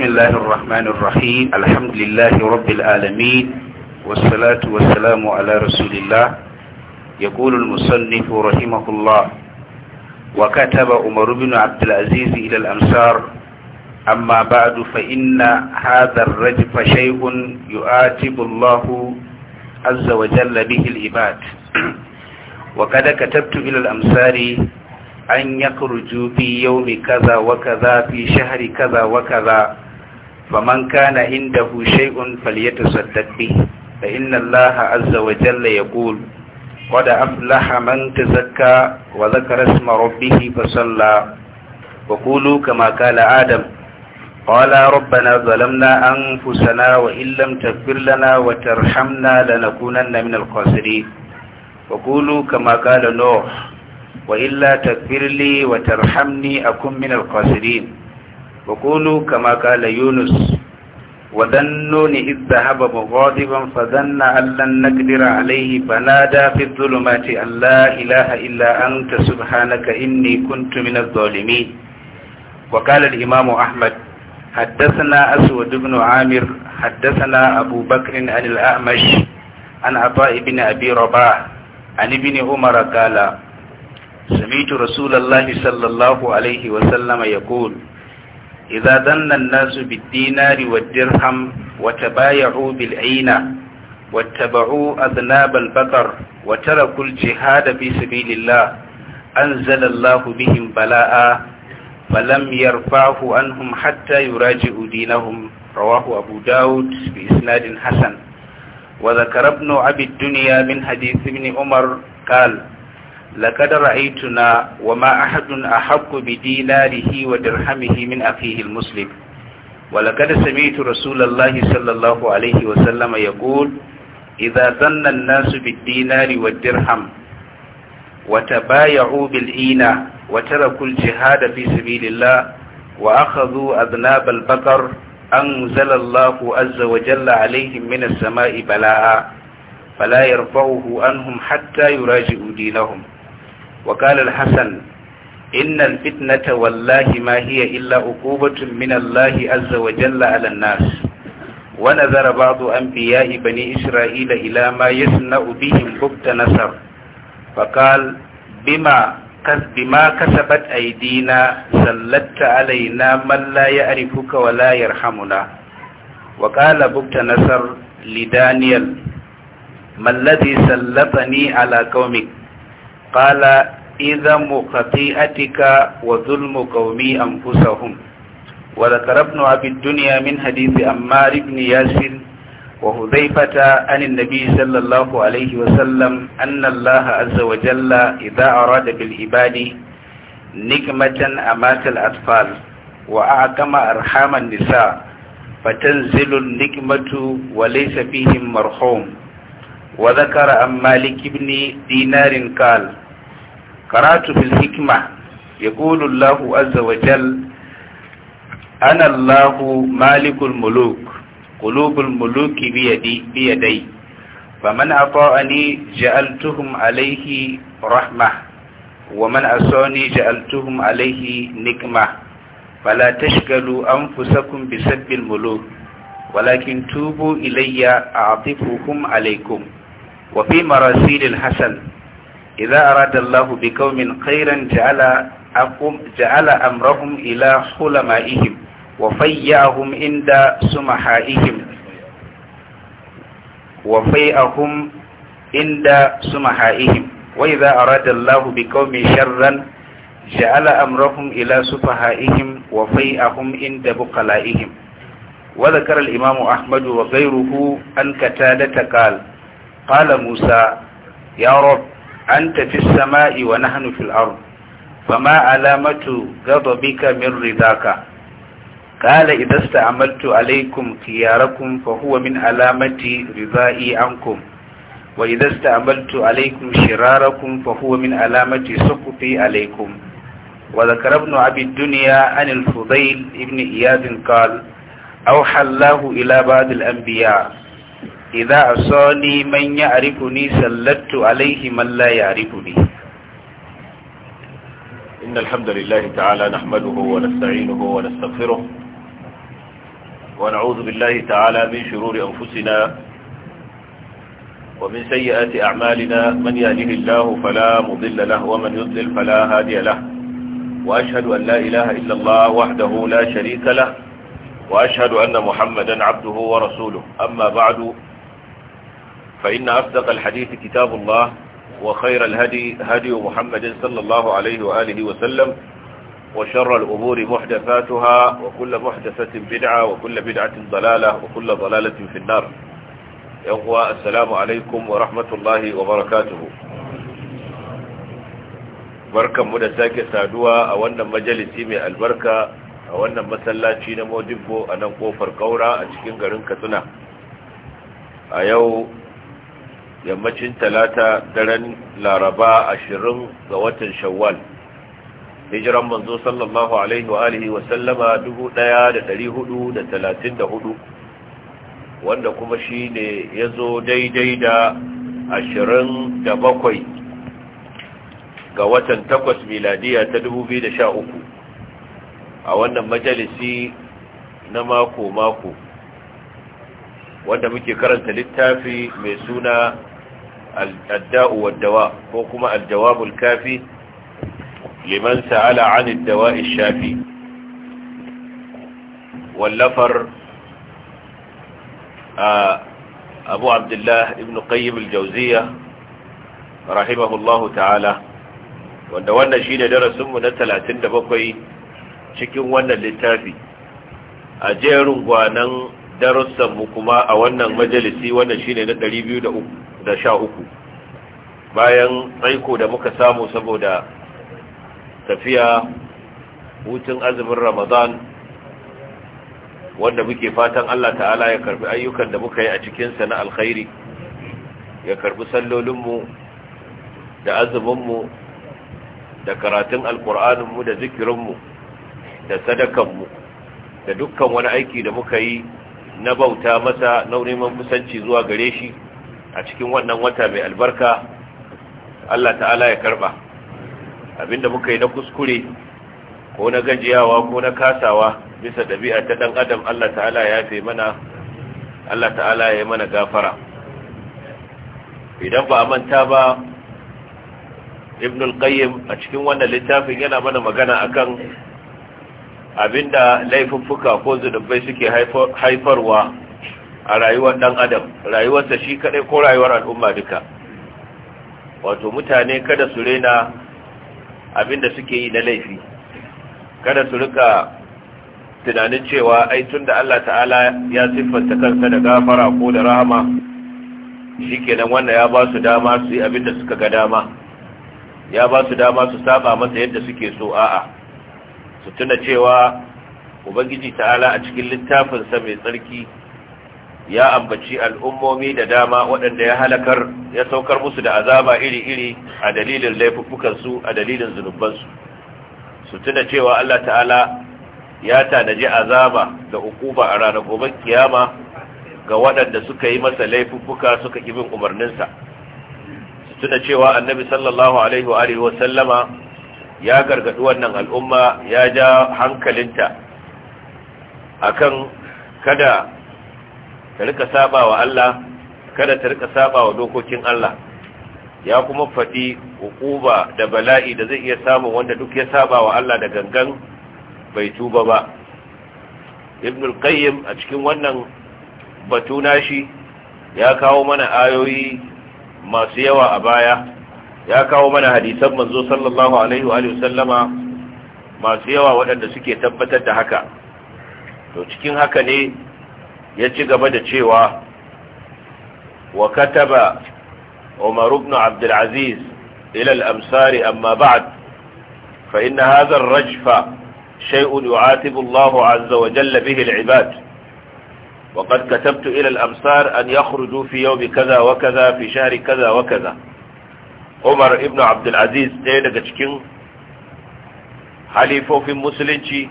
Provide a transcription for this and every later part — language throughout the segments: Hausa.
بسم الله الرحمن الرحيم الحمد لله رب العالمين والصلاة والسلام على رسول الله يقول المصنف رحمه الله وكتب عمر بن عبد العزيز إلى الأمصار أما بعد فإن هذا الرجف شيء يؤاتب الله عز وجل به العباد وقد كتبت إلى الأمصار أن يخرجوا في يوم كذا وكذا في شهر كذا وكذا faman kana indahu shay'un falyatasaddaq bih fa inna Allah azza wa jalla yaqul قد أفلح من تزكى وذكر اسم ربه فصلى وقولوا كما قال آدم قال ربنا ظلمنا أنفسنا وإن لم تغفر لنا وترحمنا لنكونن من الخاسرين وقولوا كما قال نوح وإلا تغفر لي وترحمني أكن من الخاسرين فقولوا كما قال يونس وذنون إذ ذهب مغاضبا فظن أن لن نقدر عليه فنادى في الظلمات أن لا إله إلا أنت سبحانك إني كنت من الظالمين وقال الإمام أحمد حدثنا أسود بن عامر حدثنا أبو بكر عن الأعمش عن عطاء بن أبي رباح عن ابن عمر قال سمعت رسول الله صلى الله عليه وسلم يقول إذا ظن الناس بالدينار والدرهم وتبايعوا بالعينة واتبعوا أذناب البقر وتركوا الجهاد في سبيل الله أنزل الله بهم بلاء فلم يرفعه عنهم حتى يراجعوا دينهم رواه أبو داود بإسناد حسن وذكر ابن أبي الدنيا من حديث ابن عمر قال لقد رأيتنا وما أحد أحق بديناره ودرهمه من أخيه المسلم ولقد سمعت رسول الله صلى الله عليه وسلم يقول إذا ظن الناس بالدينار والدرهم وتبايعوا بالإينة وتركوا الجهاد في سبيل الله وأخذوا أذناب البقر أنزل الله عز وجل عليهم من السماء بلاء فلا يرفعه عنهم حتى يراجعوا دينهم وقال الحسن إن الفتنة والله ما هي إلا عقوبة من الله عز وجل على الناس ونذر بعض أنبياء بني إسرائيل إلى ما يصنع بهم ببت نصر فقال بما بما كسبت أيدينا سلت علينا من لا يعرفك ولا يرحمنا وقال ببت نصر لدانيال ما الذي سلطني على قومك قال إذم خطيئتك وظلم قومي أنفسهم وذكر ابن أبي الدنيا من حديث أمار بن ياسر وهذيفة عن النبي صلى الله عليه وسلم أن الله عز وجل إذا أراد بالعباد نكمة أمات الأطفال وأعكم أرحام النساء فتنزل النكمة وليس فيهم مرحوم وذكر عن مالك بن دينار قال قرأت في الحكمة يقول الله عز وجل أنا الله مالك الملوك قلوب الملوك بيدي, بيدي فمن أطاعني جعلتهم عليه رحمة ومن أصاني جعلتهم عليه نكمة فلا تشغلوا أنفسكم بسب الملوك ولكن توبوا إلي أعطفهم عليكم وفي مراسيل الحسن إذا أراد الله بقوم خيرا جعل أقوم جعل أمرهم إلى حلمائهم وفيعهم عند سمحائهم وفيعهم عند سمحائهم وإذا أراد الله بقوم شرا جعل أمرهم إلى سفهائهم وفيئهم عند بقلائهم وذكر الإمام أحمد وغيره أن كتادة قال قال موسى يا رب أنت في السماء ونحن في الأرض فما علامة غضبك من رضاك قال إذا استعملت عليكم خياركم فهو من علامة رضائي عنكم وإذا استعملت عليكم شراركم فهو من علامة سقطي عليكم وذكر ابن أبي الدنيا عن الفضيل ابن إياد قال أوحى الله إلى بعض الأنبياء إذا أصاني من يعرفني سلت عليه من لا يعرفني إن الحمد لله تعالى نحمده ونستعينه ونستغفره ونعوذ بالله تعالى من شرور أنفسنا ومن سيئات أعمالنا من يهده الله فلا مضل له ومن يضلل فلا هادي له وأشهد أن لا إله إلا الله وحده لا شريك له وأشهد أن محمدا عبده ورسوله أما بعد فإن أصدق الحديث كتاب الله وخير الهدي هدي محمد صلى الله عليه وآله وسلم وشر الأمور محدثاتها وكل محدثة بدعة وكل بدعة ضلالة وكل ضلالة في النار يقوى السلام عليكم ورحمة الله وبركاته بركة مدساك سادوا أولا مجلسي من البركة أولا مسلاتي نمو دبو أنا مقوفر قورا أشكين غرنك سنة أيو yammacin talata daren laraba ashirin ga watan shawwal hijiran manzo sallallahu alaihi wa alihi wa sallama 1434 wanda kuma shi ne ya zo daidai da ashirin da bakwai ga watan takwas miladiya ta 2013 a wannan majalisi na mako-mako wanda muke karanta littafi mai suna الداء والدواء وكما الجواب الكافي لمن سأل عن الدواء الشافي واللفر آه، أبو عبد الله ابن قيم الجوزية رحمه الله تعالى دوانا wannan درس darasinmu na دبقى شكين وانا اللي تافي jerin gwanan Darussan mu kuma a wannan majalisi wannan shine na 213 bayan aiko da muka samu saboda tafiya hutun azumin ramadan wanda muke fatan Allah ta'ala ya karbi ayyukan da muka yi a cikinsa na alkhairi ya karbi sallolinmu da azuminmu da karatun alkur'aninmu da zikirinmu da sadakanmu da dukkan wani aiki da muka yi na bauta masa na neman kusanci zuwa gare shi a cikin wannan wata mai albarka Allah ta'ala ya karba abinda muka yi na kuskure ko na gajiyawa ko na kasawa bisa ɗabi'a ta ɗan adam Allah ta'ala ya fi mana Allah ta'ala ya mana gafara idan ba a manta ba ibn al-qayyim a cikin wannan littafin yana mana magana akan abinda laifuffuka ko zunubai suke haifarwa a rayuwar dan adam rayuwarsa shi kaɗai ko rayuwar al'umma duka wato mutane kada su rena abinda suke yi na laifi kada su rika tunanin cewa ai tunda Allah ta'ala ya siffanta kansa da gafara ko da rahama shikenan wanda ya ba su dama su yi abinda suka ga dama ya ba su dama su saba masa yadda suke so a'a su tuna cewa ubangiji ta'ala a cikin littafinsa mai tsarki ya ambaci al'ummomi da dama waɗanda ya halakar ya saukar musu da azaba iri-iri a dalilin laifuffukansu a dalilin zunubansu su tuna cewa Allah ta'ala ya tanaji azaba da ukuba a ranar gobe kiyama ga waɗanda suka yi masa laifuffuka suka kibin umarninsa su tuna cewa annabi sallallahu alaihi wa sallama ya gargadi wannan al'umma ya ja hankalinta akan kada ta rika saba wa Allah kada ta rika saba wa dokokin Allah ya kuma faɗi hukuba da bala'i da zai iya samun wanda duk ya saba wa Allah da gangan bai tuba ba ibn al-qayyim a cikin wannan batu shi, ya kawo mana ayoyi masu yawa a baya ya kawo mana hadisan manzo sallallahu alaihi wa sallama masu yawa waɗanda suke tabbatar da haka to cikin haka ne ya ci gaba da cewa wa kataba Umar ibn Abdul Aziz ila al-amsari amma ba'd fa inna hadha ar-rajfa shay'un yu'atibu Allah 'azza wa jalla bihi al-'ibad وقد كتبت إلى الأمصار أن يخرجوا في يوم كذا وكذا في شهر umar ibn abdulaziz ɗaya daga cikin halifofin musulunci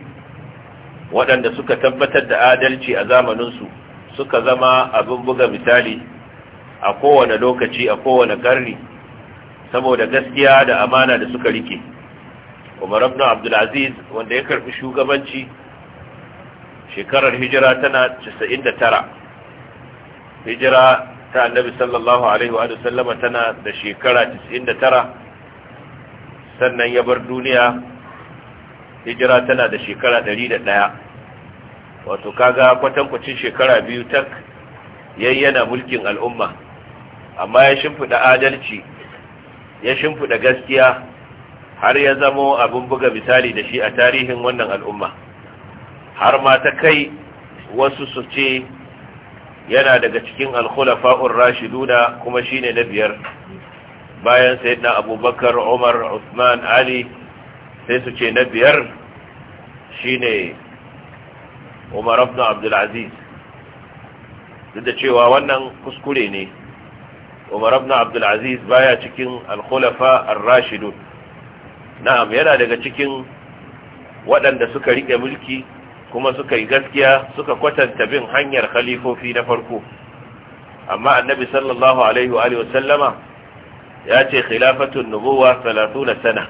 waɗanda suka tabbatar da adalci a zamaninsu suka zama abin buga misali a kowane lokaci a kowane ƙarni saboda gaskiya da amana da suka rike umar ibn abdulaziz wanda ya karɓi shugabanci shekarar hijira tana 99 hijira ta annabi sallallahu alaihi wa sallama tana da shekara 99 sannan ya bar duniya hijira tana da shekara 101 wato kaga kwatankwacin shekara biyu tak yayyana mulkin al'umma amma ya shimfida adalci ya shimfida gaskiya har ya zamo abin buga misali da shi a tarihin wannan al'umma har ma ta kai wasu su ce yana daga cikin alkhulafa'ur rashiduna kuma shine na biyar bayan sayyidina abubakar umar usman ali sai su ce na biyar shine umar ibn abdul aziz duk da cewa wannan kuskure ne umar ibn abdul aziz baya cikin alkhulafa ar-rashidun na'am yana daga cikin waɗanda suka rike mulki kuma suka yi gaskiya suka kwatanta bin hanyar khalifofi na farko amma annabi sallallahu alaihi wa alihi wasallama ya ce khilafatun nubuwa 30 sana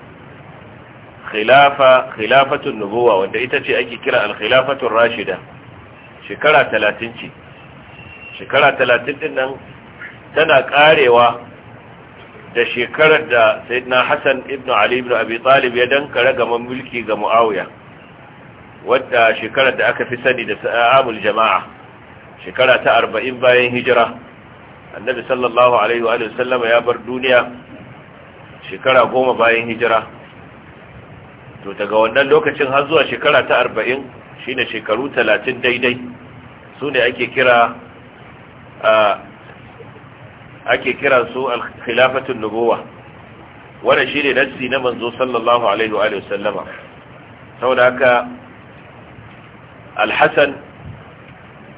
khilafa khilafatun nubuwa wanda ita ce ake kira al-khilafatur rashida shekara 30 ce shekara 30 din nan tana karewa da shekarar da sayyidina Hassan ibn Ali ibn Abi Talib ya danka ragaman mulki ga Muawiya wadda shekarar da aka fi sani da sa'amul jama'a shekara ta arba'in bayan hijira annabi sallallahu alaihi wa sallama ya bar duniya shekara goma bayan hijira to daga wannan lokacin har zuwa shekara ta arba'in shi ne shekaru talatin daidai su ne ake kira ake kira su khilafatun nubuwa shi ne nassi na manzo sallallahu alaihi wa sallama saboda haka alhassan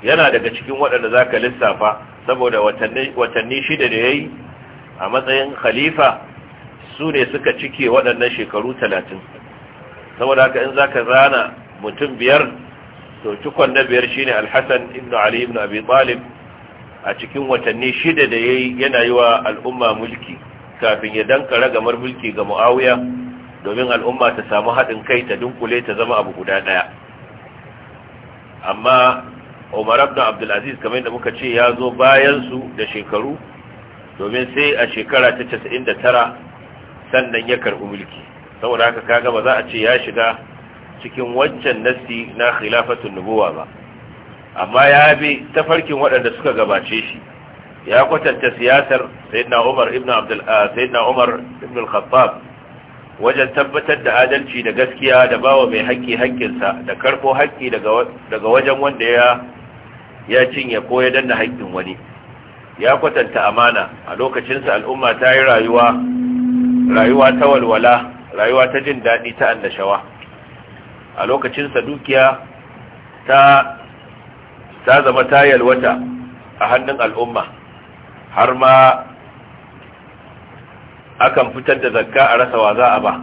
yana daga cikin waɗanda za ka lissafa saboda watanni shida da ya yi a matsayin khalifa su ne suka cike waɗannan shekaru talatin saboda haka in za ka zana mutum biyar to cikon na biyar shi shine alhassan ibn ali ibn abi talib a cikin watanni shida da ya yi yana yi wa al'umma mulki kafin ya danka ragamar mulki ga mu'awiya domin al'umma ta samu haɗin kai ta dunkule ta zama abu guda ɗaya amma umar abdu abdulaziz kamar yadda muka ce ya zo bayansu da shekaru domin sai a shekara ta 99 sannan ya karɓi mulki saboda haka kaga ba za a ce ya shiga cikin wancan nasi na khilafatun nubuwa ba amma ya bi farkin waɗanda suka gabace shi ya kwatanta siyasar sayyidina umar ibn abdul ah, sayyidina umar ibn al-khattab wajen tabbatar da adalci da gaskiya da bawa mai haƙƙi haƙƙinsa da karko haƙƙi daga wajen wanda ya ya cinye ko ya danna haƙƙin wani ya kwatanta amana a lokacinsa al'umma ta yi rayuwa rayuwa ta walwala rayuwa ta jin daɗi ta annashawa a lokacinsa dukiya ta ta zama ta yalwata a hannun al'umma har ma akan fitar da zakka a rasa wa za a ba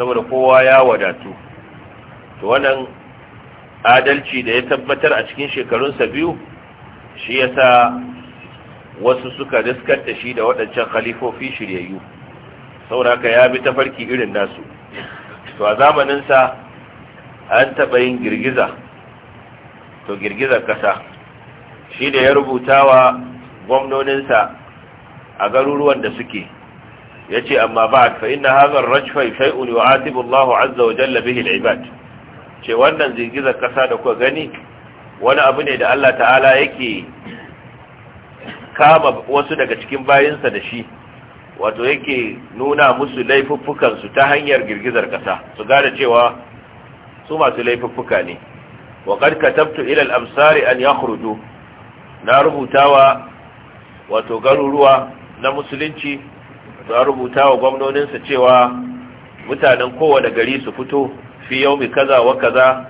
saboda kowa ya wadatu to wannan adalci da ya tabbatar a cikin shekarunsa biyu shi yasa wasu suka riskar da shi da waɗancan khalifofi shiryayyu saboda ka ya bi ta farki irin nasu to a zamaninsa an taɓa yin girgiza to girgizar ƙasa shi da ya rubuta wa gwamnoninsa a garuruwan da suke Ya ce amma ba'd fa inna hadha rajfai rajfa shay'un yu'atibu Allah azza wa jalla bihi al-ibad ce wannan zigizar kasa da kuka gani wani abu ne da Allah ta'ala yake kama wasu daga cikin bayinsa da shi wato yake nuna musu laifuffukansu ta hanyar girgizar kasa su gane cewa su masu laifuffuka ne wa qad katabtu ila al-amsari an yakhruju na rubutawa wato garuruwa na musulunci za rubuta wa gwamnoninsa cewa mutanen kowane gari su fito fi yaumi kaza wa kaza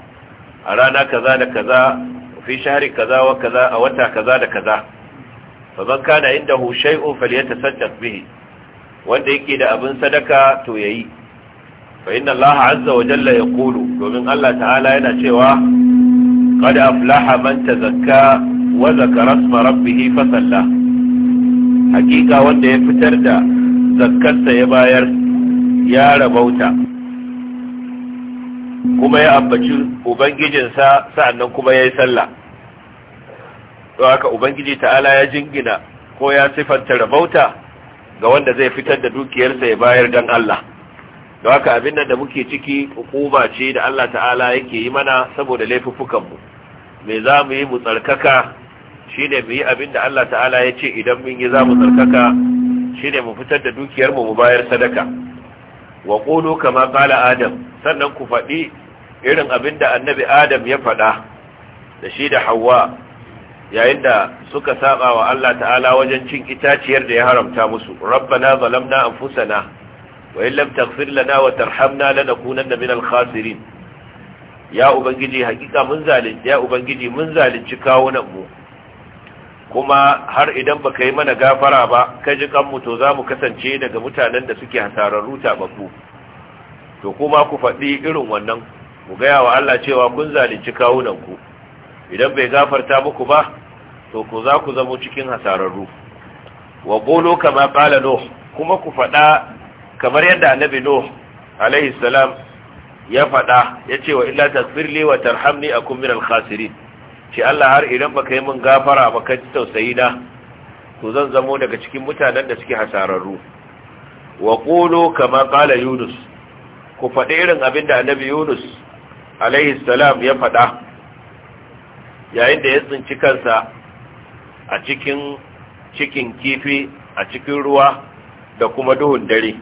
a rana kaza da kaza fi shahari kaza wa kaza a wata kaza da kaza fa man kana indahu shay'un falyatasaddaq bihi wanda yake da abin sadaka to yayi fa inna Allah azza wa jalla yaqulu domin Allah ta'ala yana cewa qad aflaha man tazakka wa zakara rabbih fa salla hakika wanda ya fitar da zakkarsa ya bayar ya rabauta kuma ya ambaci ubangijinsa nan kuma ya yi sallah to haka ubangiji ta'ala ya jingina ko ya siffanta rabauta ga wanda zai fitar da dukiyarsa ya bayar don Allah da haka abin da muke ciki hukuma ce da Allah ta'ala yake yi mana saboda laifuffukanmu me za mu yi mu tsarkaka shine mu yi abin da Allah ta'ala ya ce idan mun yi za mu tsarkaka shine mu fitar da dukiyar mu mu bayar sadaka wa qulu kama ƙala adam sannan ku faɗi irin abinda annabi adam ya faɗa da shi da hawa yayin da suka saba wa Allah ta'ala wajen cin itaciyar da ya haramta musu rabbana zalamna anfusana wa in lam taghfir lana wa tarhamna lanakunanna minal khasirin ya ubangiji hakika mun zalunci ya ubangiji mun zalunci kawunan mu kuma har idan baka yi mana gafara ba ka ji kanmu to za mu kasance daga mutanen da suke hasararru ku to kuma ku faɗi irin wannan ku gaya wa Allah cewa kun zalunci kawunanku idan bai gafarta muku ba to ku za ku zamo cikin hasararru wa bolo kama ƙala nuh kuma ku faɗa kamar yadda annabi no alaihi salam ya faɗa ya ce wa illa tasbirli wa tarhamni akum minal khasirin ce Allah har idan baka yi min gafara ba ka ji tausayi na to zan zamo daga cikin mutanen da suke hasararru wa qulu kama qala yunus ku faɗi irin abin da annabi yunus alaihi salam ya faɗa yayin da ya tsinci kansa a cikin cikin kifi a cikin ruwa da kuma duhun dare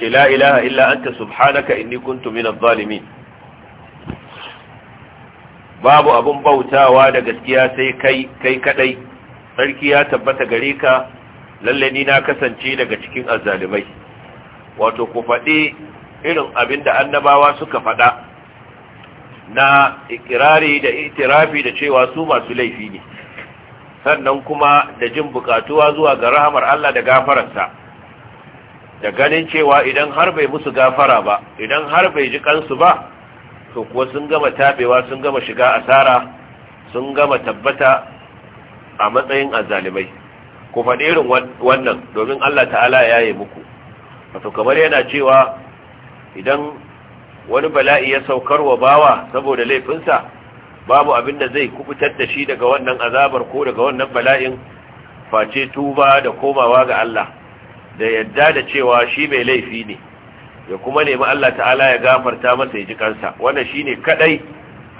ce la ilaha illa anta subhanaka inni kuntu minadh zalimin babu abin bautawa da gaskiya sai kai kai kadai sarki ya tabbata gare ka lalle ni na kasance daga cikin azzalimai wato ku faɗi irin abin da annabawa suka faɗa na ikirari da itirafi da cewa su masu laifi ne sannan kuma da jin bukatuwa zuwa ga rahamar Allah da gafararsa da ganin cewa idan har bai musu gafara ba idan har bai ji kansu ba to kuwa sun gama tabewa sun gama shiga asara sun gama tabbata a matsayin azalimai ku faɗi irin wannan domin Allah ta'ala ya yi muku wato kamar yana cewa idan wani bala'i ya saukar wa bawa saboda laifinsa babu abin da zai kubutar da shi daga wannan azabar ko daga wannan bala'in face tuba da komawa ga Allah da yadda da cewa shi mai laifi ne ya kuma nemi Allah ta'ala ya gafarta masa ya ji kansa wannan shine kadai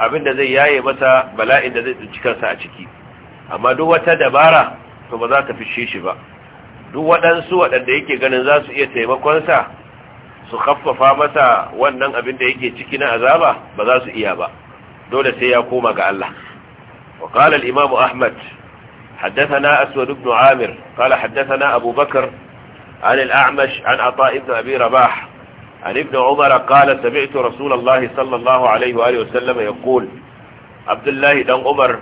abinda zai yaye masa bala'in da zai tsinci kansa a ciki amma duk wata dabara to ba za ta fishe shi ba duk waɗansu waɗanda yake ganin za su iya taimakonsa su haffafa masa wannan abin da yake ciki na azaba ba za su iya ba dole sai ya koma ga Allah wa qala al ahmad حدثنا أسود بن عامر قال حدثنا أبو بكر عن الأعمش عن عطاء بن أبي رباح عن ابن عمر قال سمعت رسول الله صلى الله عليه وآله وسلم يقول عبد الله دان عمر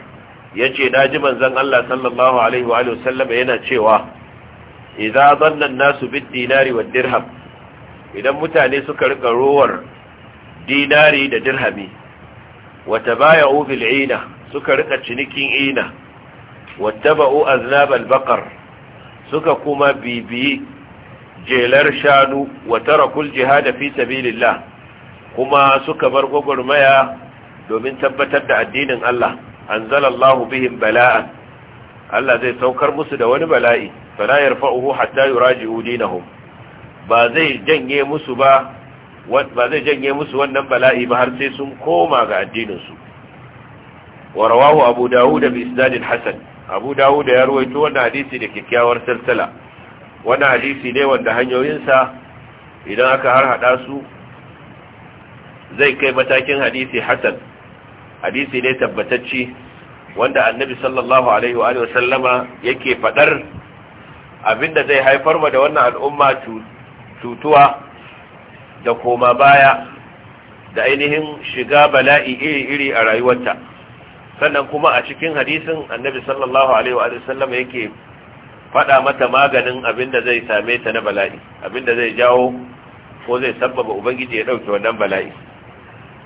يجي ناجما زن الله صلى الله عليه وآله وسلم ينا تشيوا إذا ظن الناس بالدينار والدرهم إذا متاني سكر قرور ديناري دا درهمي وتبايعوا بالعينة سكر قتشنكين إينة واتبعوا أذناب البقر سكر كما بيبي jelar shanu wa tarakul jihada fi sabilillah kuma suka bar gwagwarmaya domin tabbatar da addinin Allah anzalallahu bihim bala'an Allah zai saukar musu da wani bala'i fala yarfa'uhu hatta yuraji'u dinahum ba zai janye musu ba ba zai janye musu wannan bala'i ba har sai sun koma ga addininsu wa rawahu abu dawud bi isnadin hasan abu dawud ya ruwaito wannan hadisi da kikkiawar silsila wani hadisi ne wanda hanyoyinsa idan aka har haɗa su zai kai matakin hadisi hasan hadisi ne tabbatacci wanda annabi sallallahu alaihi wa sallama yake faɗar abinda zai haifar da wannan al'umma cutuwa da koma baya da ainihin shiga bala'i iri-iri a rayuwarta sannan kuma a cikin hadisin annabi sallallahu alaihi wa sallama yake faɗa mata maganin abin da zai same ta na bala'i abin da zai jawo ko zai sabbaba ubangiji ya ɗauki wannan bala'i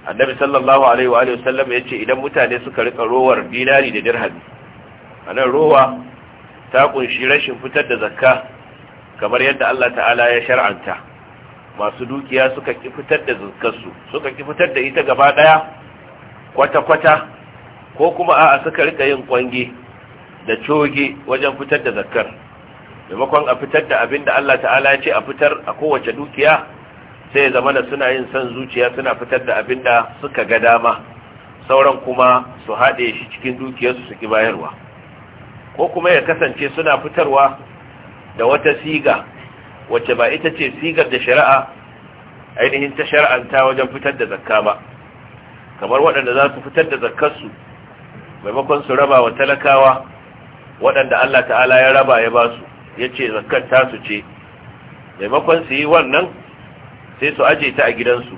annabi sallallahu alaihi wa alihi wasallam ya ce idan mutane suka rika rowar dinari da dirhami anan rowa ta kunshi rashin fitar da zakka kamar yadda Allah ta'ala ya shar'anta masu dukiya suka ki fitar da zakkarsu suka ki fitar da ita gaba daya kwata-kwata ko kuma a'a suka rika yin kwange da coge wajen fitar da zakar, maimakon a fitar da abin da Allah ta'ala ya ce a fitar a kowace dukiya sai zama da suna yin son zuciya suna fitar da abin da suka ga dama sauran kuma su haɗe shi cikin dukiyarsu su ki bayarwa ko kuma ya kasance suna fitarwa da wata siga wacce ba ita ce sigar da shari'a ainihin ta shari'anta wajen fitar da zakka ba kamar waɗanda za su fitar da zakkarsu maimakon su raba wa talakawa waɗanda Allah ta'ala ya raba ya basu, ya ce zakar su ce maimakon su yi wannan sai su aje ta a gidansu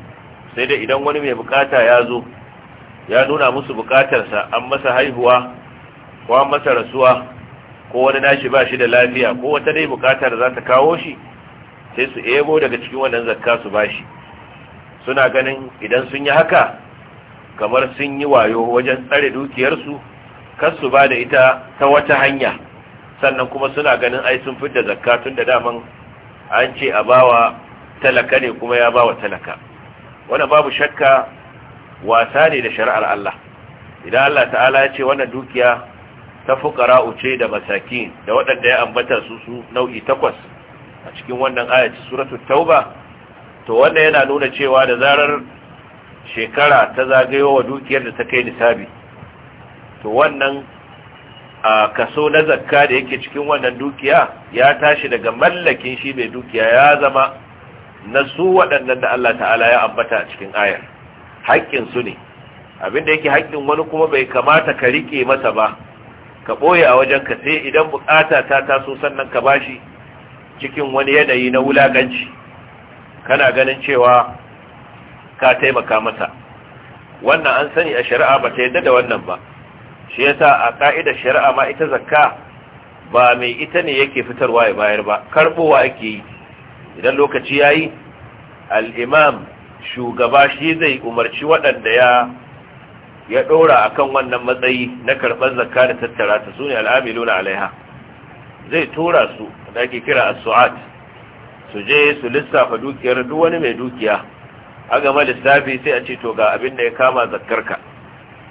sai dai idan wani mai bukata ya zo ya nuna musu bukatarsa an masa haihuwa ko an masa rasuwa ko wani nashi ba shi da lafiya ko wata dai bukatar za ta kawo shi sai su ebo daga cikin wannan zakka su bashi suna ganin idan sun yi haka kamar sun yi wayo wajen tsare dukiyarsu kar su ba da ita ta wata hanya sannan kuma suna ganin ai sun fitar zakka tun da daman an ce a bawa talaka ne kuma ya bawa talaka wannan babu shakka wasa ne da shari'ar Allah idan Allah ta'ala ya ce wannan dukiya ta fukara uce da masaki da waɗanda ya ambata su su nau'i takwas a cikin wannan ayat suratul tauba to wannan yana nuna cewa da zarar shekara ta zagayo dukiyar da ta kai nisabi to wannan a kaso na zakka da yake cikin wannan dukiya ya tashi daga mallakin shi mai dukiya ya zama na su waɗannan da Allah ta'ala ya ambata a cikin ayar haƙƙin su ne abinda yake haƙƙin wani kuma bai kamata ka riƙe masa ba ka ɓoye a wajen ka sai idan buƙata ta taso sannan ka bashi cikin wani yanayi na wulaƙanci kana ganin cewa ka taimaka masa wannan an sani a shari'a ba ta yadda da wannan ba shi yasa a ƙa'idar shari'a ma ita zakka ba mai ita ne yake fitarwa ya bayar ba karbowa yake yi idan lokaci yayi al-imam shugaba shi zai umarci waɗanda ya ya ɗora a kan wannan matsayi na karɓar zakka da tattara ta sune ne al'amiluna alaiha zai tura su da ake kira a suat su je su lissafa dukiyar duk wani mai dukiya a game lissafi sai a ce to ga abin da ya kama zakkarka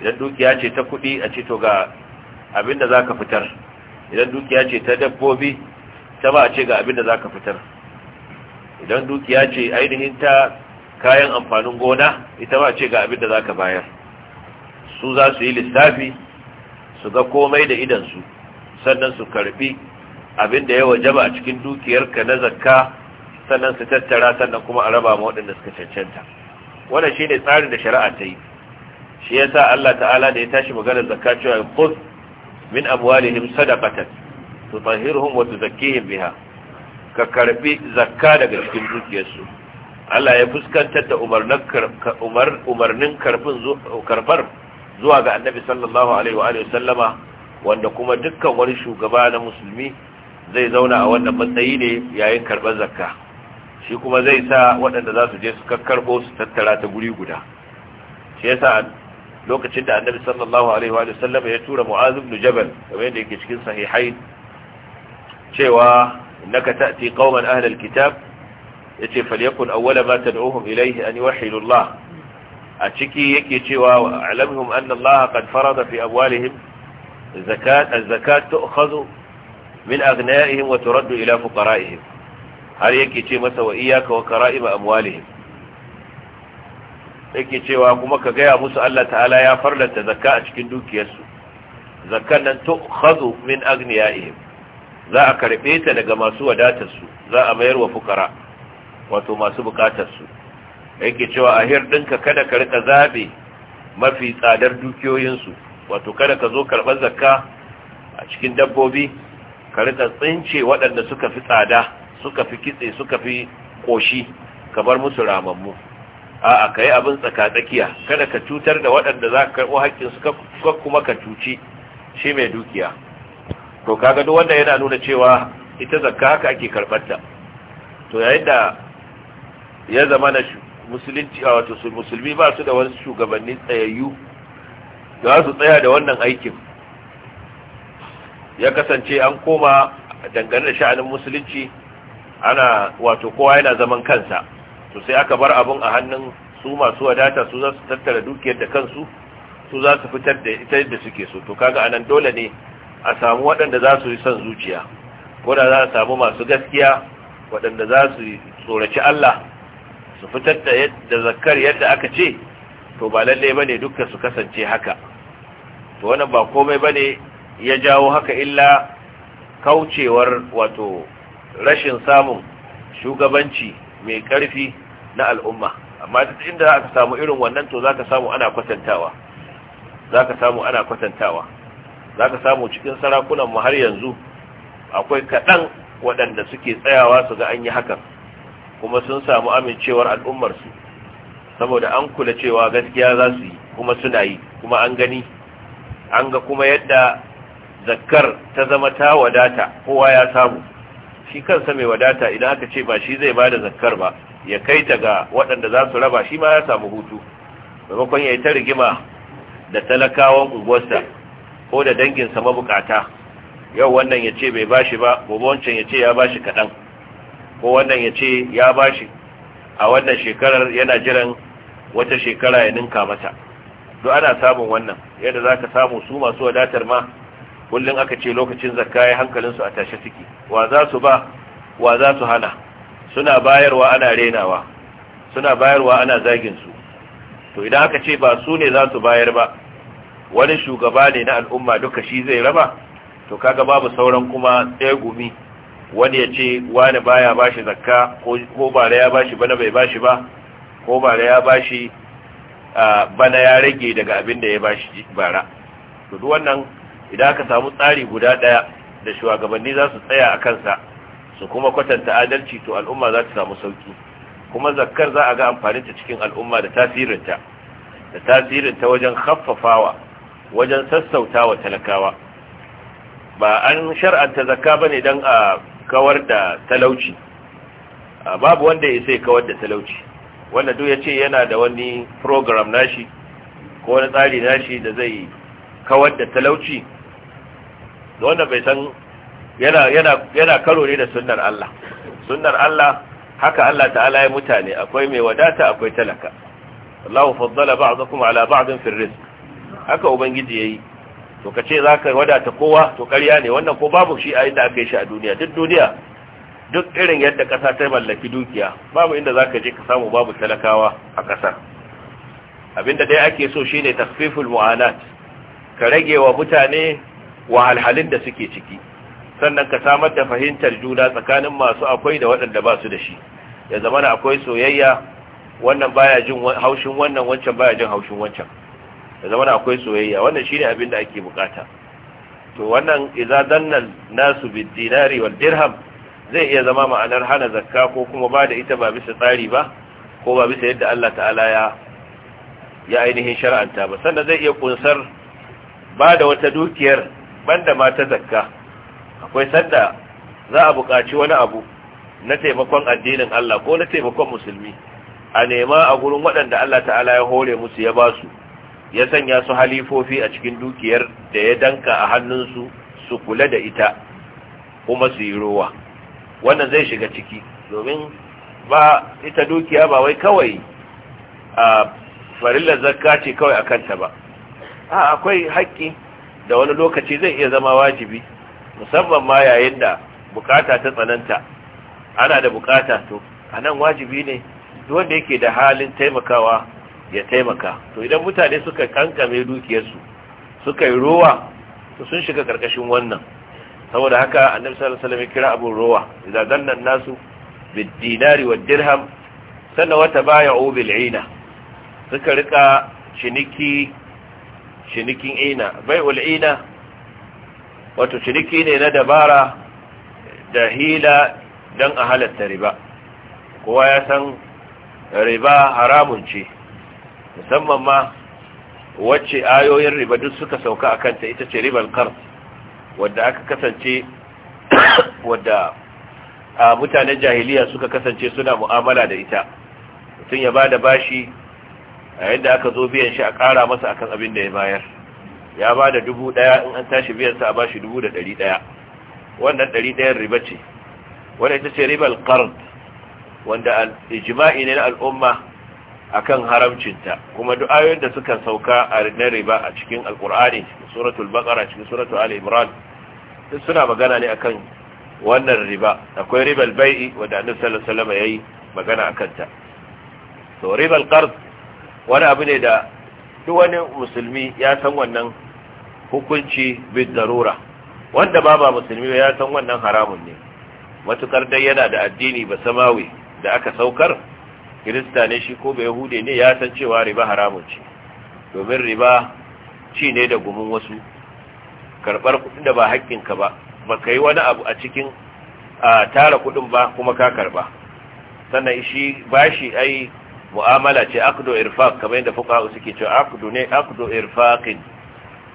idan dukiya ce ta kuɗi a ce to ga abin da za ka fitar idan dukiya ce ta dabbobi ta ba a ce ga abin da za ka fitar idan dukiya ce ainihin ta kayan amfanin gona ita ba a ce ga abin da za ka bayar su za su yi lissafi su ga komai da idansu sannan su karbi abin da ya wajaba a cikin dukiyarka na zakka sannan su tattara sannan kuma a raba ma waɗanda suka cancanta wannan shine tsarin da shari'a ta yi shi ya sa Allah ta'ala da ya tashi maganar zakka cewa qus min amwalihim su tutahhiruhum wa tuzakkihim biha ka karbi zakka daga cikin dukiyarsu Allah ya fuskantar da umarnin karfar zuwa ga annabi sallallahu alaihi wa sallama wanda kuma dukkan wani shugaba na musulmi zai zauna a wannan matsayi ne yayin karɓar zakka shi kuma zai sa waɗanda za su je su kakkarɓo su tattara ta guri guda shi ya yasa lokacin da annabi sallallahu alaihi wa sallam ya tura mu'az ibn jabal kamar yadda yake cikin sahihain cewa innaka ta'ti qauman ahli alkitab yace falyakun awwala ma tad'uhum ilayhi an yuwahhidu Allah a ciki yake cewa wa alamhum anna Allah qad farada fi amwalihim zakat az-zakat tu'khadhu min aghniyahim wa turaddu ila fuqara'ihim har yake ce masa wa iyyaka wa kara'ima amwalihim yake cewa kuma ka gaya musu Allah ta'ala ya farlanta zakka a cikin dukiyarsu zakkan nan to khazu min agniyaihim za a karbe ta daga masu wadatar su za a mayar wa fukara wato masu bukatar su yake cewa a hir dinka kada ka rika zabe mafi tsadar dukiyoyin su wato kada ka zo karban zakka a cikin dabbobi ka rika tsince waɗanda suka fi tsada suka fi kitse suka fi koshi kamar bar musu ramammu a'a kai abin tsakatsakiya kada ka cutar da waɗanda za ka karɓo haƙƙinsu ka kuma ka cuci shi mai dukiya to kaga duk wanda yana nuna cewa ita zakka haka ake karɓarta to yayin da ya zama na musulunci a wato musulmi ba su da wasu shugabanni tsayayyu da za su tsaya da wannan aikin ya kasance an koma dangane da sha'anin musulunci ana wato kowa yana zaman kansa to sai aka bar abun a hannun su masu wadata su za su tattara dukiyar da kansu su za su fitar da ita yadda suke so to kaga anan dole ne a samu waɗanda za su yi son zuciya ko da za a samu masu gaskiya waɗanda za su tsoraci Allah su fitar da yadda zakkar yadda aka ce to ba lallai bane dukkan su kasance haka to wannan ba komai bane ya jawo haka illa kaucewar wato rashin samun shugabanci mai ƙarfi na al'umma amma duk inda aka samu irin wannan to zaka samu ana kwatantawa zaka samu ana kwatantawa zaka samu cikin sarakunan mu har yanzu akwai kadan waɗanda suke tsayawa su ga an yi hakan kuma sun samu amincewar al'ummar su saboda an kula cewa gaskiya za su yi kuma suna yi kuma an gani an ga kuma yadda zakkar ta zama ta wadata kowa ya samu shi kansa mai wadata idan aka ce ba shi zai ba da zakkar ba ya kai ta ga waɗanda za su raba shi ma ya samu hutu maimakon ya yi ta rigima da talakawan unguwarsa ko da danginsa mabukata yau wannan ya ce bai bashi ba gobe wancan ya ce ya bashi kaɗan ko wannan ya ce ya bashi a wannan shekarar yana jiran wata shekara ya ninka mata duk ana samun wannan yadda za ka samu su masu wadatar ma kullum aka ce lokacin zakka ya hankalinsu a tashe suke wa za su ba wa za su hana suna bayarwa ana renawa suna bayarwa ana zaginsu to idan aka ce ba su ne za su bayar ba wani shugaba ne na al'umma duka shi zai raba to kaga babu sauran kuma ɗaya gumi wani ya ce wani baya ba shi zakka ko ba da ya shi bana bai shi ba ko ba da ya shi bana ya rage daga abin da ya bashi bara to wannan idan aka samu tsari guda ɗaya da shugabanni za su tsaya a kansa su kuma kwatanta adalci to al'umma za ta samu sauki kuma zakkar za a ga amfaninta cikin al'umma da tasirinta da tasirinta wajen haffafawa wajen sassautawa talakawa ba an shar'anta zakka bane dan a kawar da talauci babu wanda ya sai kawar da talauci wanda duk ya ce yana da wani program nashi ko wani tsari nashi da zai kawar da talauci da wanda bai san yana karo ne da sunnar Allah sunnar Allah haka Allah ta'ala ya mutane akwai mai wadata akwai talaka Allahu faddala ba'dakum ala ba'din fi rizq haka ubangiji yayi to kace zaka wadata kowa to ƙarya ne wannan ko babu shi a inda aka yi shi a duniya duk duniya duk irin yadda kasa ta mallaki dukiya babu inda zaka je ka samu babu talakawa a ƙasar abinda dai ake so shine tasfiful mu'anat ka rage wa mutane wahalhalin da suke ciki sannan ka samar da fahimtar juna tsakanin masu akwai da waɗanda ba su da shi ya zama na akwai soyayya wannan baya jin haushin wannan wancan baya jin haushin wancan ya zama na akwai soyayya wannan ne abin da ake bukata to wannan idza danna nasu bid dinari wal dirham zai iya zama ma'anar hana zakka ko kuma ba da ita ba bisa tsari ba ko ba bisa yadda Allah ta'ala ya ya ainihin shar'anta ba sannan zai iya kunsar ba da wata dukiyar banda ma ta zakka akwai sanda za a buƙaci wani abu na taimakon addinin Allah ko na taimakon musulmi a nema a gurin waɗanda Allah ta'ala ya hore musu ya ba su ya sanya su halifofi a cikin dukiyar da ya danka a hannunsu su kula da ita kuma su yi rowa wannan zai shiga ciki domin ba ita dukiya ba wai kawai a farillar zakka ce kawai a kanta ba a akwai haƙƙi da wani lokaci zai iya zama wajibi musamman ma yayin da bukata ta tsananta ana da bukata to a nan wajibi ne wanda yake da halin taimakawa ya taimaka to idan mutane suka kankame dukiyarsu suka yi rowa to sun shiga karkashin wannan saboda haka annabi sallallahu alaihi wasallam kira abun rowa idan zannan nasu bid dinari wad dirham sanna baya bay'u bil ina suka rika ciniki cinikin ina Bai Ul’ina. wato ciniki ne na dabara da hila don a halatta riba kowa ya san riba haramun ce musamman ma wacce ayoyin riba duk suka sauka a kanta ita ce ribar kar wadda aka kasance wadda a mutanen jahiliya suka kasance suna mu'amala da ita mutum ya ba da bashi a yadda aka zo biyan shi a ƙara masa akan abin da ya bayar ya ba da dubu ɗaya in an tashi biyansa a ba shi dubu da ɗari ɗaya wannan ɗari ɗayan riba ce wanda ita ce ribar ƙarn wanda ijima'i ne na al'umma akan kan haramcinta kuma duk ayoyin da suka sauka a na riba a cikin alƙur'ani cikin suratul baƙara cikin suratul ali imran suna magana ne akan wannan riba akwai ribal bai'i wanda annabi sallallahu alaihi wasallam yayi magana akan ta to ribal qard wani abu ne da duk wani musulmi ya san wannan hukunci bid darura wanda ba ba musulmi ya san wannan haramun ne matukar dai yana da addini ba samawi da aka saukar kirista ne shi ko bai hude ne ya san cewa riba haramun ce domin riba ci ne da gumin wasu karbar kudin da ba haƙƙinka ba ba ka yi wani abu a cikin a tara kudin ba kuma ka karba sannan shi bashi ai mu'amala ce akdo irfaq kamar yadda fuqaha suke cewa akdo ne akdo irfaqin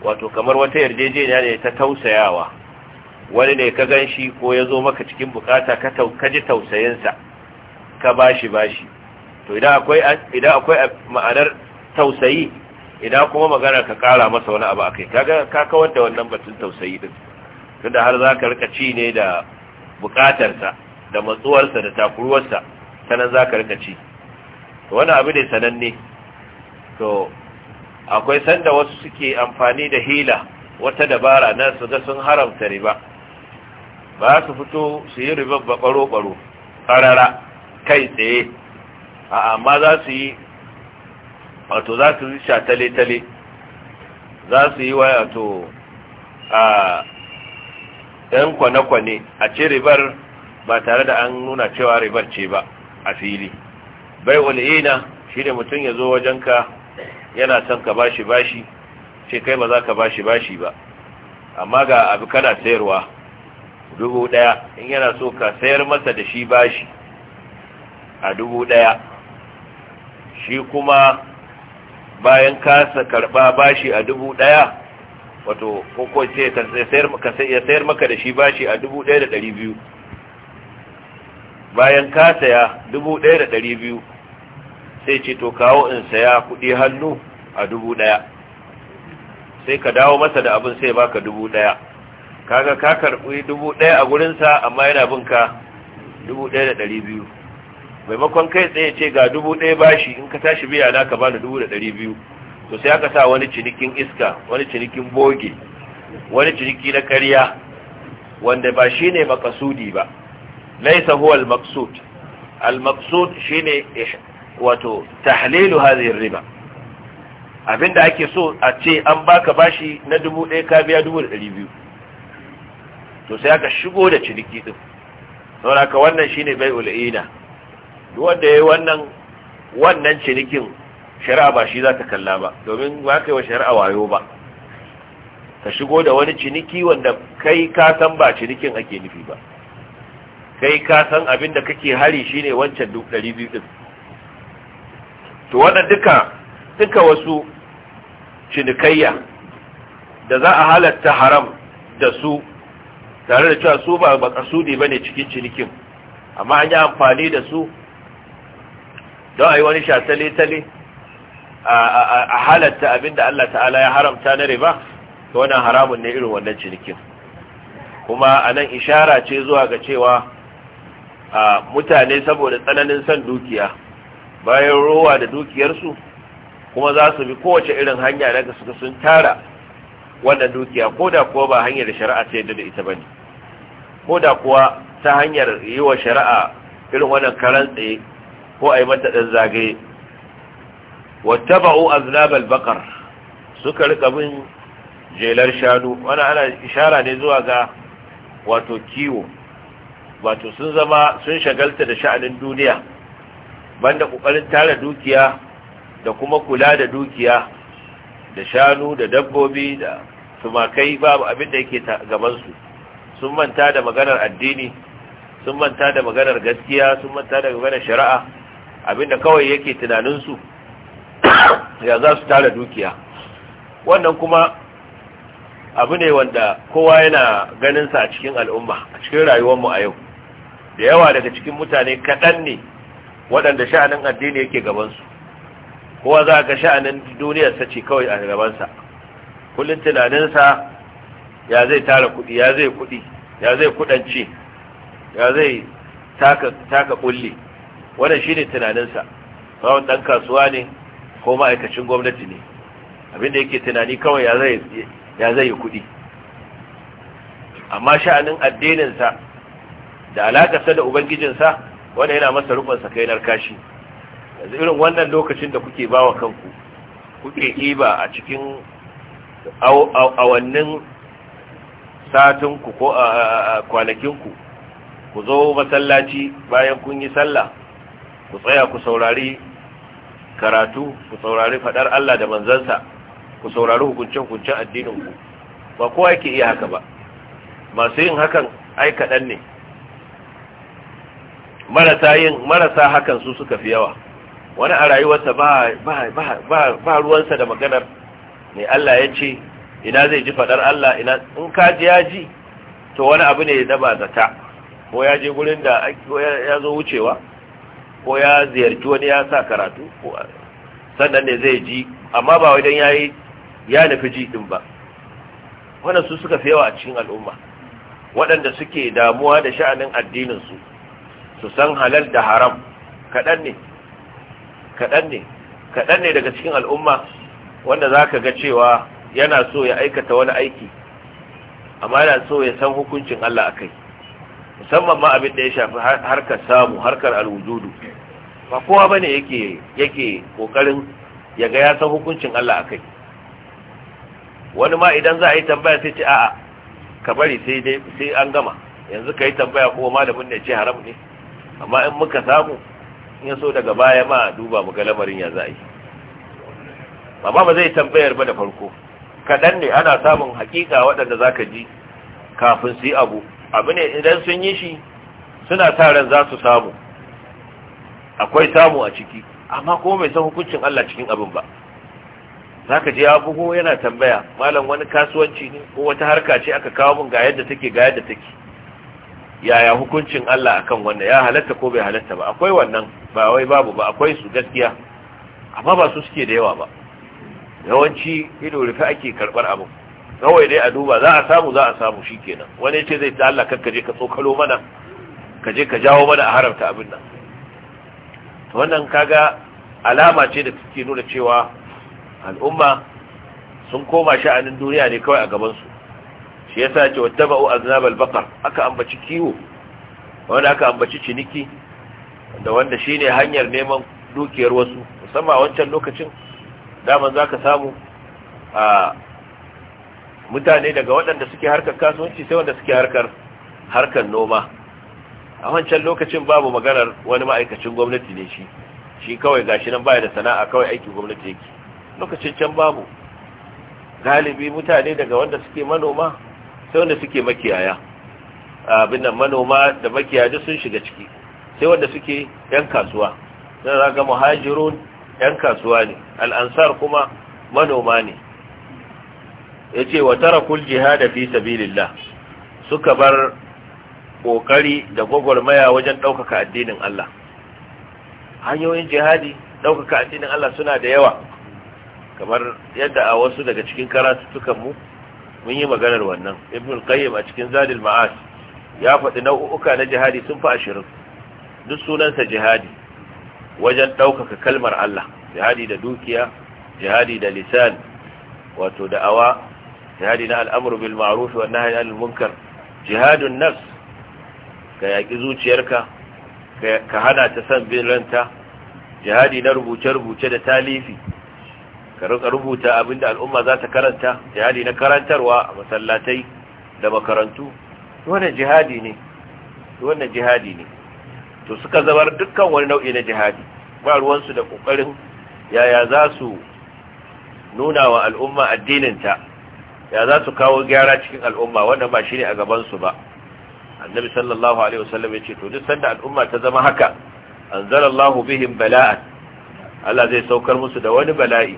wato kamar wata yarjejeniya ne ta tausayawa wani ne ka ganshi ko ya zo maka cikin bukata ka taukaji tausayinsa ka bashi bashi to idan akwai idan akwai ma'anar tausayi idan kuma magana ka kara masa wani abu akai kaga ka kawar da wannan batun tausayi din tunda har zaka rika ci ne da bukatarsa da matsuwarsa da takuruwarsa sanan zaka rika ci wani abu ne sananne to akwai sanda wasu suke amfani da hila wata dabara na su ga sun haramta riba ba su fito su yi riba ba baro-baro ƙarara kai tsaye a amma za su yi wato za su yi tale-tale za su yi wato a ɗan kwane-kwane a ce ribar ba tare da an nuna cewa ribar ce ba a fili bai ul'ina shi ne mutum ya zo wajenka yana son ka bashi bashi ce kai ba za ka bashi bashi ba amma ga abu kana sayarwa dubu ɗaya in yana so ka sayar masa da shi bashi a dubu ɗaya shi kuma bayan kasa karɓa bashi a dubu ɗaya wato koko ce ya sayar maka da shi bashi a dubu ɗaya da dari biyu bayan ka saya dubu ɗaya da dari biyu sai ce to kawo in saya kuɗi hannu a dubu ɗaya sai ka dawo masa da abin sai baka dubu ɗaya kaga ka karɓi dubu ɗaya a gurinsa amma yana bin ka dubu ɗaya da ɗari biyu maimakon kai tsaye ce ga dubu ɗaya bashi in ka tashi biya na ka bani dubu da ɗari biyu to sai aka sa wani cinikin iska wani cinikin boge wani ciniki na karya wanda ba shi ne makasudi ba laisa huwa al-maqsud al-maqsud shine wato tahlilu hadhihi riba abinda ake so a ce an baka bashi na dubu ɗaya ka biya dubu da ɗari biyu to sai aka shigo da ciniki ɗin don haka wannan shine bai ul'ina duk wanda ya yi wannan wannan cinikin shari'a ba shi za ta kalla ba domin ba ka yi wa shari'a wayo ba ka shigo da wani ciniki wanda kai ka san ba cinikin ake nufi ba kai ka san abin da kake hari shine wancan dubu ɗari biyu ɗin to wannan duka duka wasu cinikayya da za a halatta haram da su tare da cewa su ba makasudi bane cikin cinikin amma an yi amfani da su don a yi wani shatale-tale a halatta abinda Allah ta'ala ya haramta na riba ta wannan haramun ne irin wannan cinikin kuma a nan ishara ce zuwa ga cewa mutane saboda tsananin son dukiya bayan rowa da dukiyarsu kuma za su bi kowace irin hanya daga suka sun tara wannan dukiya ko da kuwa ba hanyar da shari'a ta yadda da ita ba ne ko da kuwa ta hanyar yi wa shari'a irin wannan karan tsaye ko a yi mata ɗan zagaye wata ba'u aznabal bakar suka rika bin jelar shanu wani ana ishara ne zuwa ga wato kiwo wato sun zama sun shagalta da sha'anin duniya banda kokarin tara dukiya da kuma kula da dukiya da shanu da dabbobi da tumakai babu abin da yake gaban su sun manta da maganar addini sun manta da maganar gaskiya sun manta da maganar shari'a abin da kawai yake tunanin su ya za su tara dukiya wannan kuma abu ne wanda kowa yana ganinsa a cikin al'umma a cikin mu a yau da yawa daga cikin mutane kaɗan ne waɗanda sha'anin addini yake gabansu kowa za ka sha'anin duniyar sa ce kawai a gabansa kullum tunaninsa ya zai tara kuɗi ya zai kuɗi ya zai kuɗance ya zai taka ƙulli wannan shi ne tunaninsa tsawon ɗan kasuwa ne ko ma'aikacin gwamnati ne abinda yake tunani kawai ya zai yi kuɗi amma sha'anin addininsa da alakarsa da ubangijinsa wanda yana masa rufin sakainar kashi yanzu irin wannan lokacin da kuke ba wa kanku kuke iba a cikin awannin satinku ko a kwanakinku ku zo masallaci bayan kun yi sallah ku tsaya ku saurari karatu ku saurari fadar Allah da manzansa ku saurari hukunce-hukuncen addininku ba kowa yake iya haka ba masu yin hakan ai kaɗan ne marasa yin marasa hakan su suka fi yawa wani a rayuwarsa ba ba ba ba ruwansa da maganar ne Allah ya ce ina zai ji fadar Allah ina in ka ji ya ji to wani abu ne da ba zata ko ya je gurin da ya zo wucewa ko ya ziyarci wani ya sa karatu ko sannan ne zai ji amma ba wajen yayi ya nufi ji din ba wannan su suka fi yawa a cikin al'umma waɗanda suke damuwa da sha'anin addininsu su san halal da haram kaɗan ne kaɗan ne kaɗan ne daga cikin al'umma wanda za ka ga cewa yana so ya aikata wani aiki amma yana so ya san hukuncin Allah a kai musamman ma abin da ya shafi harkar samu harkar alwujudu ba kowa bane yake yake kokarin ya ga ya san hukuncin Allah a kai wani ma idan za a yi tambaya sai ce a'a ka bari sai an gama yanzu ka yi tambaya kuma malamin da ya ce haram ne amma in muka samu in ya so daga baya ma duba mu lamarin ya za amma ba zai tambayar ba da farko kaɗan ne ana samun hakika waɗanda za ka ji kafin su yi abu abu ne idan sun yi shi suna sa ran za su samu akwai samu a ciki amma kuma mai san hukuncin Allah cikin abin ba za ka ji ya yana tambaya malam wani kasuwanci ne ko wata harka ce aka kawo mun ga yadda take ga yadda take yaya hukuncin Allah akan wannan ya halatta ko bai halatta ba akwai wannan ba wai babu ba akwai su gaskiya amma ba su suke da yawa ba yawanci ido rufe ake karbar abu kawai dai a duba za a samu za a samu kenan. wani ya ce zai ta Allah kakka je ka tsokalo mana ka ka jawo mana a haramta abin nan to wannan kaga alama ce da take nuna cewa al'umma sun koma sha'anin duniya ne kawai a gaban su shi ya sa ce ba'u aznabal Bakar? aka ambaci kiwo wanda aka ambaci ciniki da wanda shi ne hanyar neman dukiyar wasu musamman a wancan lokacin daman ka samu a mutane daga waɗanda suke harkar kasuwanci sai wanda suke harkar harkar noma a wancan lokacin babu maganar wani ma'aikacin gwamnati ne shi shi kawai gashi nan baya da sana'a kawai aikin gwamnati yake lokacin can babu galibi mutane daga wanda suke manoma sai wanda suke makiyaya abin nan manoma da makiyaya duk sun shiga ciki sai wanda suke yan kasuwa dan ga muhajirun yan kasuwa ne al-ansar kuma manoma ne yace wa tarakul jihad fi sabilillah suka bar kokari da gwagwarmaya wajen ɗaukaka addinin Allah hanyoyin jihadi ɗaukaka addinin Allah suna da yawa kamar yadda a wasu daga cikin karatuttukan mu mun yi maganar wannan ibn qayyim a cikin zadil ma'as, ya faɗi nau'uka na jihadi sun fi ashirin duk sunansa jihadi wajen ɗaukaka kalmar Allah jihadi da dukiya jihadi da lisan wato da'awa jihadi na al'amuru bil ma'ruf wa nahyi anil munkar jihadun nafs ka yaki zuciyarka ka hana ta san bin ranta jihadi na rubuce-rubuce da talifi ka rika rubuta abinda al'umma za ta karanta jihadi na karantarwa a masallatai da makarantu wannan jihadi ne wannan jihadi ne to suka zabar dukkan wani nau'i na jihadi ba ruwansu da kokarin yaya za su nuna wa al'umma addininta ya za su kawo gyara cikin al'umma wannan ba shi ne a gabansu ba annabi sallallahu alaihi wasallam ce to duk sanda al'umma ta zama haka anzalallahu bihim bala'an Allah zai saukar musu da wani bala'i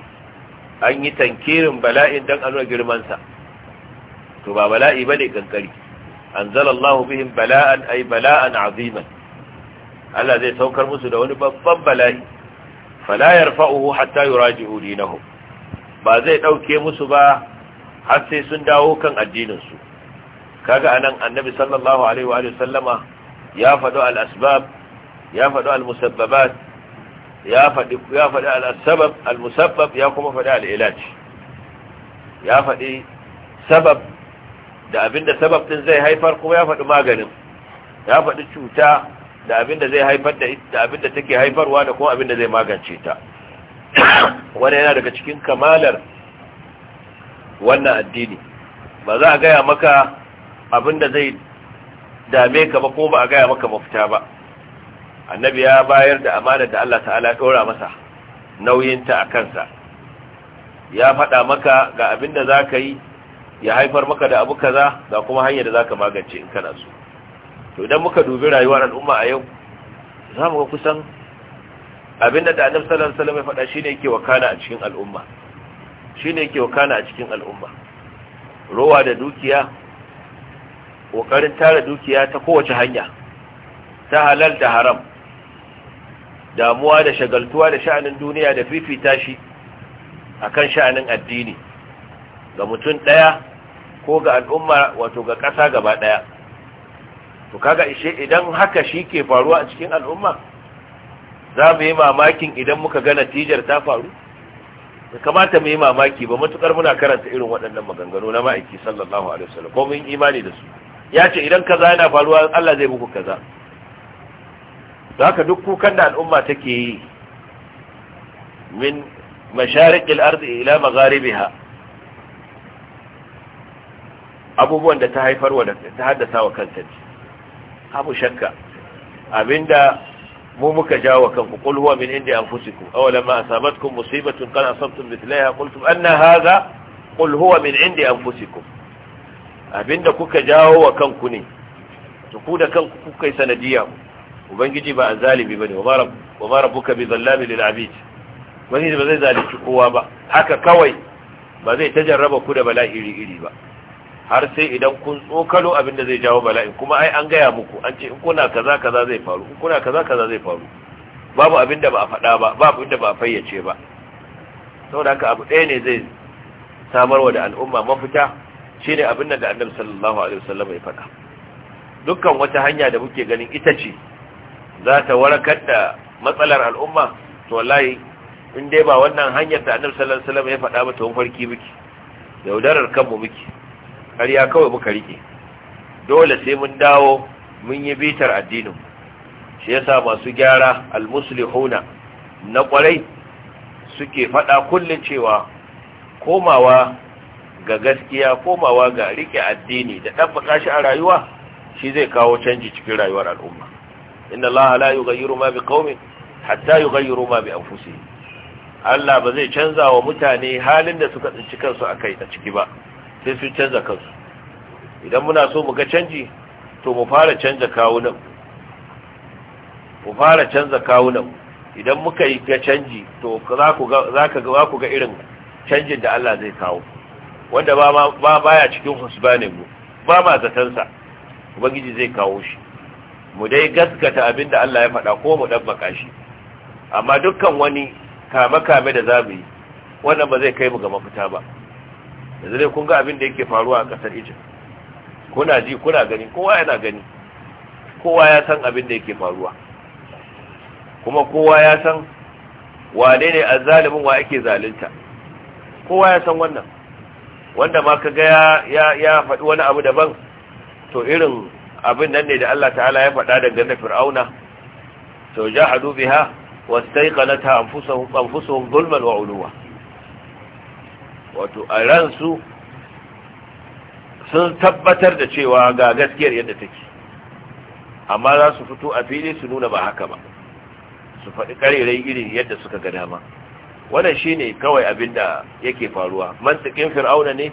an yi tankirin bala'in dan nuna girmansa to ba bala'i bane kankari anzalallahu bihin bala'an yi bala'an aziman Allah zai saukar musu da wani babban bala'i fala yarfa'uhu hatta yuraji'u dinahum ba zai ɗauke musu ba har sai sun dawo kan addinin su kaga anan annabi sallallahu alaihi wa sallama ya faɗo al-asbab ya faɗo al-musabbabat ya faɗi ya faɗi al-sabab al-musabbab ya kuma faɗi al-ilaj ya faɗi sabab da abinda sabab din zai haifar kuma ya faɗi maganin ya faɗi cuta da abinda zai haifar da da abinda take haifarwa da kuma abinda zai magance ta wannan yana daga cikin kamalar wannan addini ba za a gaya maka abinda zai dame ka ba ko ba a gaya maka mafita ba annabi ya bayar da amanar da Allah ta'ala ya ɗora masa nauyinta a kansa ya faɗa maka ga abin da za ka yi ya haifar maka da abu kaza ga kuma hanyar da za ka magance in kana so to idan muka dubi rayuwar al'umma a yau za mu ga kusan abin da annabi sallallahu alaihi wasallam ya faɗa shine yake wakana a cikin al'umma shine yake wakana a cikin al'umma rowa da dukiya kokarin tara dukiya ta kowace hanya ta halal da haram damuwa da shagaltuwa da sha'anin duniya da fifita shi a kan sha'anin addini ga mutum ɗaya ko ga al'umma wato ga ƙasa gaba ɗaya to kaga ishe idan haka shi ke faruwa a cikin al'umma za mu yi mamakin idan muka ga natijar ta faru da kamata mu yi mamaki ba matukar muna karanta irin waɗannan maganganu na ma'aiki sallallahu alaihi wasallam ko mun imani da su ya ce idan kaza yana faruwa Allah zai muku kaza da haka duk kukan da al'umma take yi min mashariqil ardi ila magharibiha abubuwan da ta haifarwa da ta haddasa wa kanta abu shakka abinda mu muka jawo kanku qul huwa min indi anfusikum aw lamma asabatkum musibatun qad asabtum mithlaha qultum anna hadha qul huwa min indi anfusikum abinda kuka jawo wa kanku ne to ku da kanku kuka yi sanadiya ubangiji ba a bane wa ne. wa ma rabbuka bi zallamin lil abid wani ba zai zalici kowa ba haka kawai ba zai tajarraba ku da bala'i iri iri ba har sai idan kun tsokalo abin da zai jawo bala'i, kuma ai an gaya muku an ce in kuna kaza kaza zai faru in kuna kaza kaza zai faru babu abin da ba a faɗa ba babu abin da ba a fayyace ba saboda haka abu ɗaya ne zai samarwa da al'umma mafita shine abin da annabi sallallahu alaihi wasallam ya faɗa dukkan wata hanya da muke ganin ita ce za ta warkar da matsalar al'umma to wallahi in dai ba wannan hanyar da annabi sallallahu alaihi ya faɗa mata wani farki miki yaudarar kanmu miki ƙarya kawai muka riƙe. dole sai mun dawo mun yi bitar addinin shi yasa masu gyara almuslihuna na kwarai suke faɗa kullum cewa komawa ga gaskiya komawa ga riƙe addini da ɗabbaka shi a rayuwa shi zai kawo canji cikin rayuwar al'umma inna allaha la yughayyiru ma biqaumin hatta yughayyiru ma bi anfusihim Allah ba zai canza wa mutane halin da suka tsinci kansu akai a ciki ba sai su canza kansu idan muna so mu ga canji to mu fara canza kawunan mu fara canza kawunan idan muka yi ga canji to za ku ga ku ga irin canjin da Allah zai kawo wanda ba baya cikin husbanin mu ba ma zatansa ubangiji zai kawo shi mu dai gaskata abin da Allah ya faɗa ko mu ɗabbaka shi amma dukkan wani kame-kame da za mu yi wannan ba zai kai mu ga mafita ba yanzu dai kun ga abin da yake faruwa a ƙasar ijin kuna ji kuna gani kowa yana gani kowa ya san abin da yake faruwa kuma kowa ya san wane ne azzalimin wa ake zalunta kowa ya san wannan wanda ma kaga ya ya faɗi wani abu daban to irin abin nan ne da Allah ta'ala ya faɗa daga da fir'auna to jahadu biha wastaiqanatha anfusuhum anfusuhum zulman wa uluwa wato a ransu sun tabbatar da cewa ga gaskiyar yadda take amma za su fito a fili su nuna ba haka ba su faɗi ƙarerai irin yadda suka ga dama wannan shine kawai abin da yake faruwa mantsikin fir'auna ne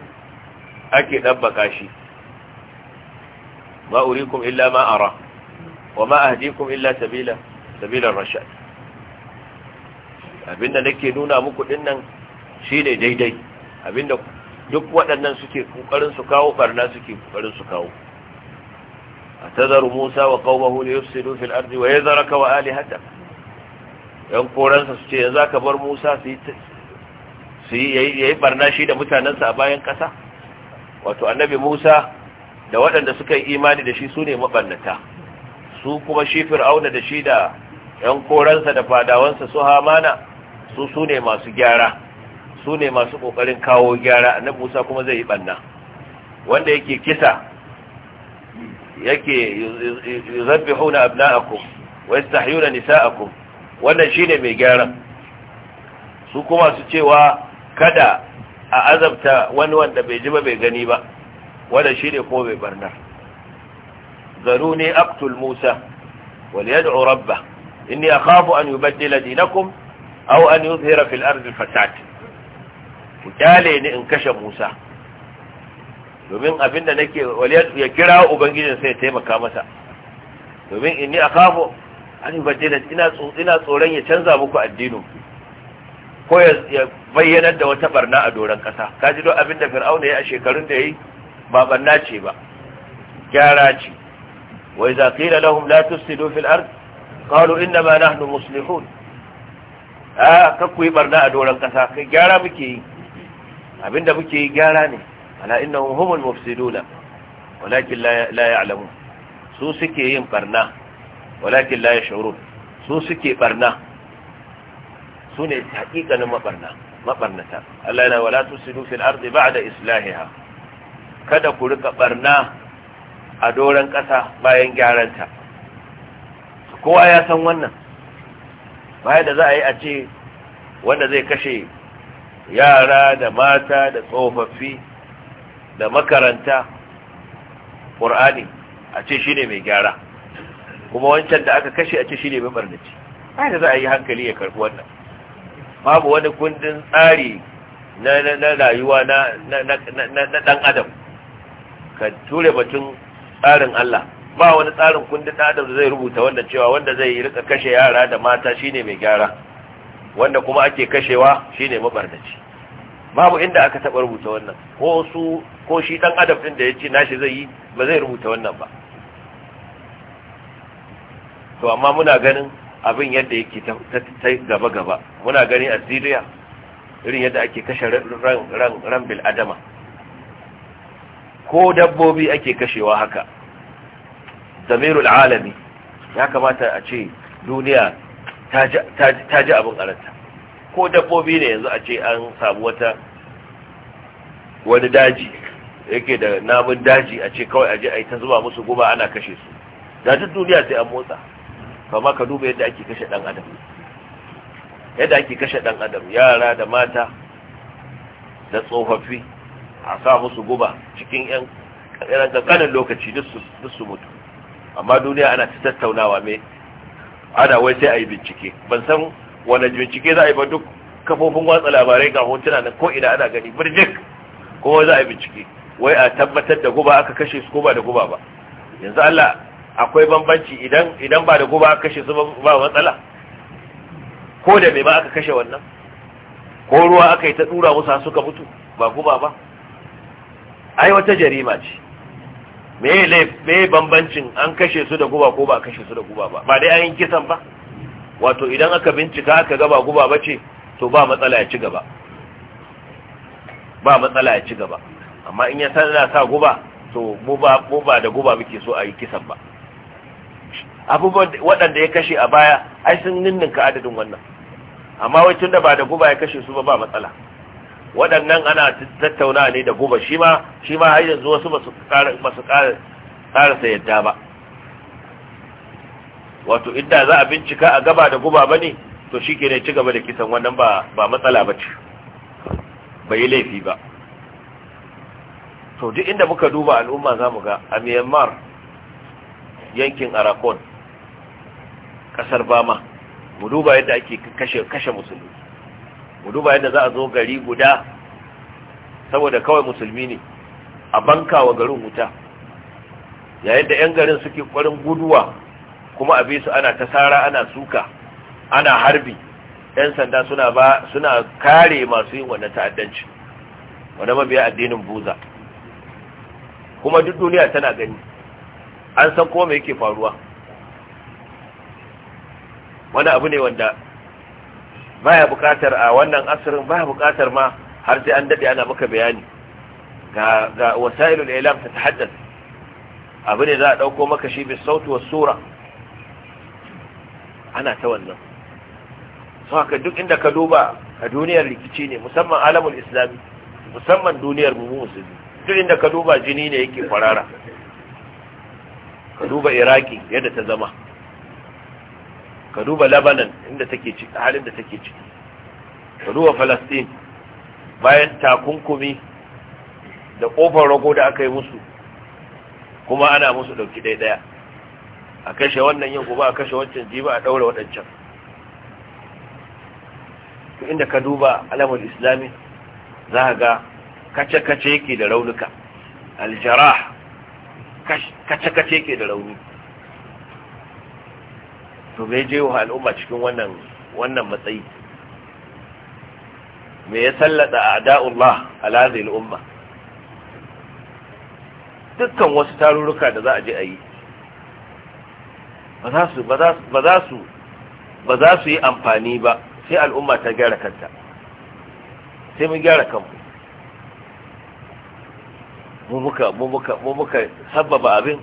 ake ɗabbaka shi ma urikum illa ma wa ma ahdikum illa sabila rashad abinda nake nuna muku dinnan shine daidai abinda duk waɗannan suke kokarin su kawo barna suke kokarin su kawo أتذر موسى وقومه ليفسدوا في الأرض ويذرك وآلهتك ينقرن سسجي ذاك بر موسى سي barna shi da mutanansa a bayan kasa wato annabi Musa da waɗanda suka yi imani da shi su ne maɓannata su kuma shi fir'auna da shi da ‘yan koransa da fadawansa su hamana su su ne masu gyara su ne masu ƙoƙarin kawo gyara na musa kuma zai yi ɓanna wanda yake kisa yake su abna'akum wa nisa aku wannan shi ne mai gyaran su kuma su cewa kada a azabta wani wanda bai ji ba bai gani ba wanda shi ne kuma barnar. barna zaru ne aktul musa wal yad'u rabba inni akhafu an yi yubaddila dinakum aw an yuzhira fil ardi fasad ku kyale ni in kashe musa domin abinda nake wal ya kira ubangijin sai ya taimaka masa domin inni akhafu an yubaddila ina ina tsoron ya canza muku addinin ko ya bayyanar da wata barna a doron kasa ji don abinda fir'auna ya a shekarun da ya yi? ba banna ce ba gyara ce wai za qila lahum la tusidu fil ard qalu inna ma nahnu muslihun a kakku yi barna a doron kasa kai gyara muke yi abinda muke yi gyara ne ala innahum humul mufsiduna walakin la alamu. su suke yin barna walakin la yash'urun su suke barna su ne hakikanin mabarna maɓarnata. Allah yana wala tusidu fil ardi ba'da islahiha kada ku rika barna a doron ƙasa bayan gyaranta kowa ya san wannan baya da za a yi a ce wanda zai kashe yara da mata da tsofaffi da makaranta ƙur'ani a ce shi ne mai gyara kuma wancan da aka kashe a ce shi ne mai barnaci baya da za a yi hankali ya karfi wannan babu wani kundin tsari na rayuwa na ɗan adam ka ture batun tsarin Allah ba wani tsarin kundin adam da zai rubuta wanda cewa wanda zai rika kashe yara da mata shine mai gyara wanda kuma ake kashewa shine mabardaci babu inda aka taba rubuta wannan ko su ko shi dan adam din da yace nashi zai yi ba zai rubuta wannan ba to amma muna ganin abin yadda yake ta gaba gaba muna gani a Syria irin yadda ake kashe ran ran ran bil adama ko dabbobi ake kashewa haka zamirul alami ya kamata a ce duniya ta ji abin aranta ko dabbobi ne yanzu a ce an samu wata wani daji yake da namun daji a ce kawai aje a yi ta zuba musu guba ana kashe su da duk duniya sai an motsa kama ka duba yadda ake kashe dan adam yadda ake kashe dan adam yara da mata da tsofaffi a sa musu guba cikin yan ƙanan ƙanƙanin lokaci duk su mutu amma duniya ana ta tattaunawa mai ana wai sai a yi bincike ban san wani bincike za a yi ba duk kafofin watsa labarai ga hotuna na ko'ina ana gani birjik ko za a yi bincike wai a tabbatar da guba aka kashe su ko ba da guba ba yanzu Allah akwai bambanci idan idan ba da guba aka kashe su ba matsala ko da me ba aka kashe wannan ko ruwa aka yi ta dura musu suka mutu ba guba ba ai wata jarima ce me me bambancin an kashe su da guba ko ba kashe su da guba ba ba dai an yi kisan ba wato idan aka bincika aka gaba guba ba ce to ba matsala ya ci gaba ba matsala ya ci gaba amma in ya sanar sa guba to mu ba da guba muke so a yi kisan ba abubuwan waɗanda ya kashe a baya ai sun ninninka adadin wannan amma wai da ba da guba ya kashe su ba ba matsala waɗannan ana tattauna ne da guba shi ma shi ma har yanzu wasu ba su sa yadda ba wato inda za a bincika a gaba da guba ba ne to shi ke ne ci gaba da kisan wannan ba matsala ba ce ba yi laifi ba to duk inda muka duba al'umma za mu ga a myanmar yankin arakon ƙasar bama mu duba yadda ake kashe musulmi mu duba yadda za a zo gari guda saboda kawai musulmi ne a banka wa garin wuta yayin da 'yan garin suke kwarin guduwa kuma a su ana tasara ana suka ana harbi 'yan sanda suna ba suna kare masu yin wannan ta'addanci wanda mabiya addinin buza kuma duk duniya tana gani an san kuma yake faruwa wani abu ne wanda baya bukatar a wannan asirin baya bukatar ma har sai an dade ana maka bayani ga ga wasailul ilam ta tahaddath abu ne za a dauko maka shi bi sautu was sura ana ta wannan saka duk inda ka duba a duniyar rikici ne musamman alamul islami musamman duniyar mu musulmi duk inda ka duba jini ne yake kwarara ka duba iraki yadda ta zama ka duba labanan inda take ciki halin da take ciki ka duba falastin bayan takunkumi da ƙofar rago da aka yi musu kuma ana musu ɗauki ɗaya a kashe wannan yin kuma a kashe wancan jiba a ɗaure waɗancan inda ka duba alamar islami za ga kace-kace yake da raunuka aljarah kace-kace yake da raunuka to bai je wa al'umma cikin wannan matsayi me ya sallada a'da'ullah ala hadhihi al'umma dukkan wasu tarurruka da za a je a yi ba za su yi amfani ba sai al'umma ta gyara kanta sai mun gyara kanmu mu muka mu muka abin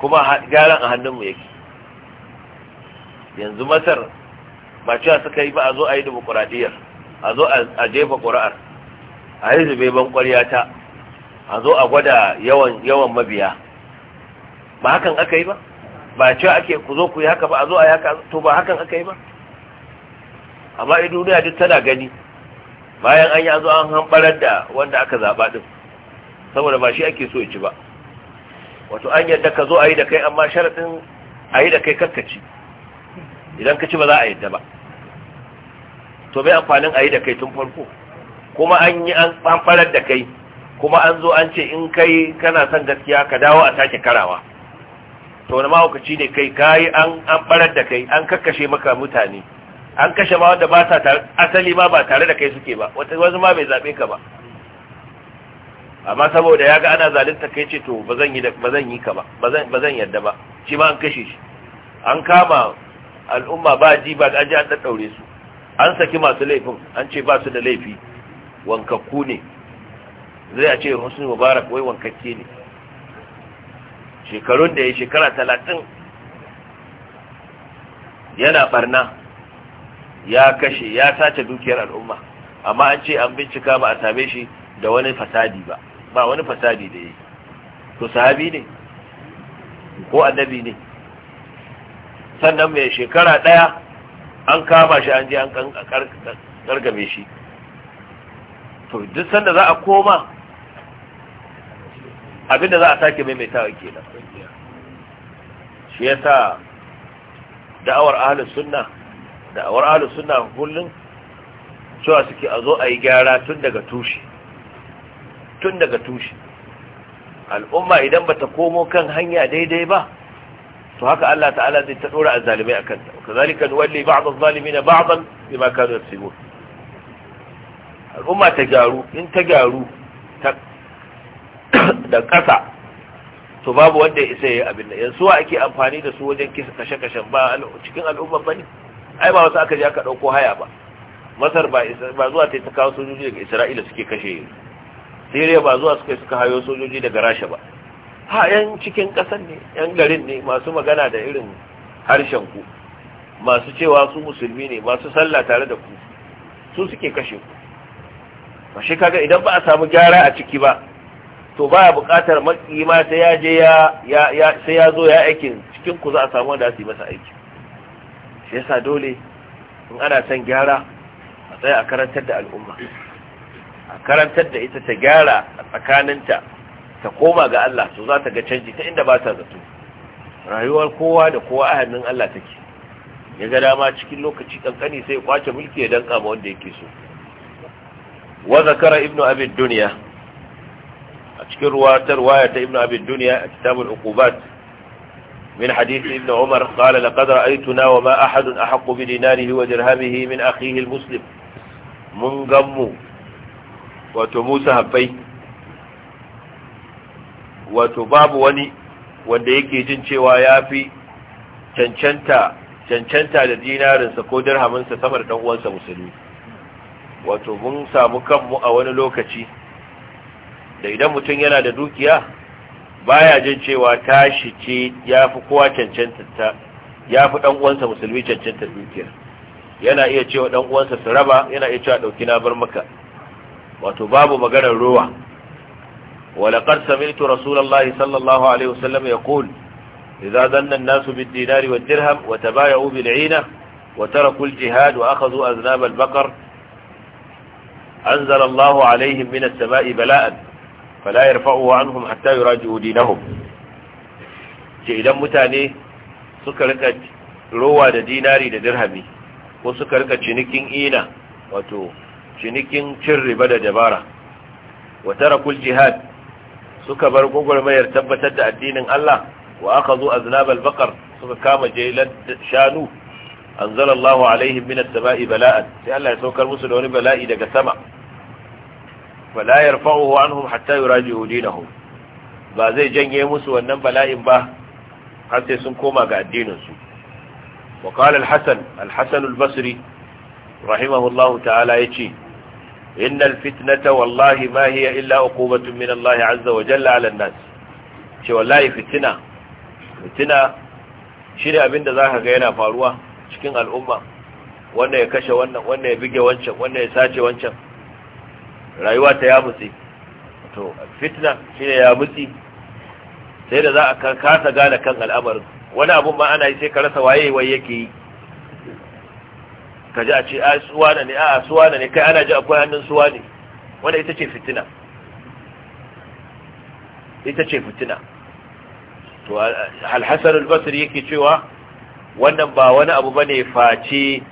kuma gyaran a hannunmu yake yanzu masar ba cewa suka yi ba a zo a yi demokuraɗiyyar a zo a jefa ƙuri'ar a yi zube ban ƙwarya ta a zo a gwada yawan yawan mabiya ba hakan aka yi ba ba cewa ake ku zo ku yi haka ba a zo a yi haka to ba hakan aka yi ba amma yi duniya duk tana gani bayan an yi zo an hanɓarar da wanda aka zaɓa ɗin, saboda ba shi ake so ya ci ba wato an yadda ka zo a yi da kai amma sharaɗin a yi da kai karkaci idan ka ci ba za a yadda ba to bai amfanin a yi da kai tun farko kuma an yi an ɓanɓarar da kai kuma an zo an ce in kai kana son gaskiya ka dawo a sake karawa to wani mahaukaci ne kai ka yi an ɓanɓarar da kai an kakkashe maka mutane an kashe ma wanda ba sa asali ma ba tare da kai suke ba wasu ma bai zaɓe ka ba amma saboda ya ga ana zalunta kai ce to ba zan yi ka ba ba zan yadda ba shi ma an kashe shi an kama al'umma ba ji ba an ji an daddaure su an saki masu laifin an ce ba su da laifi wankakku ne zai a ce husni mubarak wai wankakke ne shekarun da ya shekara talatin yana barna ya kashe ya sace dukiyar al'umma amma an ce an bincika ba a same shi da wani fasadi ba ba wani fasadi da ya yi to sahabi ne ko annabi ne sannan mai shekara ɗaya an kama shi an je an kargame shi to duk sanda za a koma abinda za a sake maimaitawa kenan shi sa da'awar ahlus suna da'awar ahlus suna hulun cewa suke a zo a yi gyara tun daga tushe tun daga tushe al'umma idan bata komo kan hanya daidai ba to haka Allah ta'ala zai ta dora azzalimai akan ta kazalika nuwalli ba'd az-zalimin ba'dan bima kanu yaksubun al'umma ta gyaru in ta gyaru ta da kasa to babu wanda ya isa yayi abin da yanzu ake amfani da su wajen kisa kashe-kashen ba cikin al'umma bane ai ba wasu aka je aka dauko haya ba masar ba ba zuwa ta kawo sojoji daga Isra'ila suke kashe Syria ba zuwa suka suka hayo sojoji daga Rasha ba ha yan cikin kasar ne yan garin ne masu magana da irin harshen ku masu cewa su musulmi ne masu sallah tare da ku su suke kashe ku ba kaga idan ba a samu gyara a ciki ba to ba buƙatar bukatar ma sai ya je ya sai ya zo ya aikin cikin ku za a samu wanda su yi masa aiki shi yasa dole in ana son gyara a tsaya a karantar da al'umma a karantar da ita ta gyara a tsakaninta ta koma ga Allah to za ta ga canji ta inda ba ta zato rayuwar kowa da kowa a hannun Allah take ya ga dama cikin lokaci kankani sai ya kwace mulki ya danka ma wanda yake so wa zakara ibnu abi dunya a cikin ruwatar waya ta ibnu abi dunya a kitabul uqubat من حديث wa عمر قال لقد رأيتنا وما أحد أحق بديناره ودرهمه من أخيه Mun gammu. Wato Musa هبيه wato babu wani wanda yake jin cewa ya fi cancanta cancanta da dinarinsa ko dirhaminsa sama da uwansa musulmi wato mun samu kanmu a wani lokaci da idan mutum yana da dukiya baya jin cewa tashi ce ya fi kowa cancanta ya fi uwansa musulmi cancanta dukiya. yana iya cewa uwansa su raba yana iya cewa ɗauki na bar maka wato babu maganar ruwa ولقد سمعت رسول الله صلى الله عليه وسلم يقول إذا ظن الناس بالدينار والدرهم وتبايعوا بالعينة وتركوا الجهاد وأخذوا أذناب البقر أنزل الله عليهم من السماء بلاء فلا يرفعه عنهم حتى يراجعوا دينهم idan mutane suka rika rowa da dinari da dirhami ko suka rika cinikin ina wato cinikin cin riba da dabara wa tarakul jihad suka bar gwagwarmayar tabbatar da addinin Allah wa aka zo a zinabal bakar suka kama jelar shanu an zala Allah alaihim sai Allah ya saukar musu da wani bala'i daga sama fala yarfa'uhu anhum hatta yuraji'u dinahum ba zai janye musu wannan bala'in ba har sai sun koma ga addinin su wa qala al-hasan al basri rahimahullahu ta'ala ce إن الفتنة والله ما هي إلا عقوبة من الله عز وجل على الناس شو والله فتنة فتنة shine abin da zaka ga yana faruwa cikin al'umma wanda ya kashe wannan wanda ya bige wancan wanda ya sace wancan rayuwa ta yamutse to fitna shine yamutse sai da za a kasa gane kan al'amarin wani abun ma ana yi sai ka rasa waye wai yake yi ka ji a ce a suwana ne a suwana ne kai ana ji akwai hannun suwa ne wanda ita ce fitina ita ce fitina to alhassan albasir yake cewa wannan ba wani abu ba ne face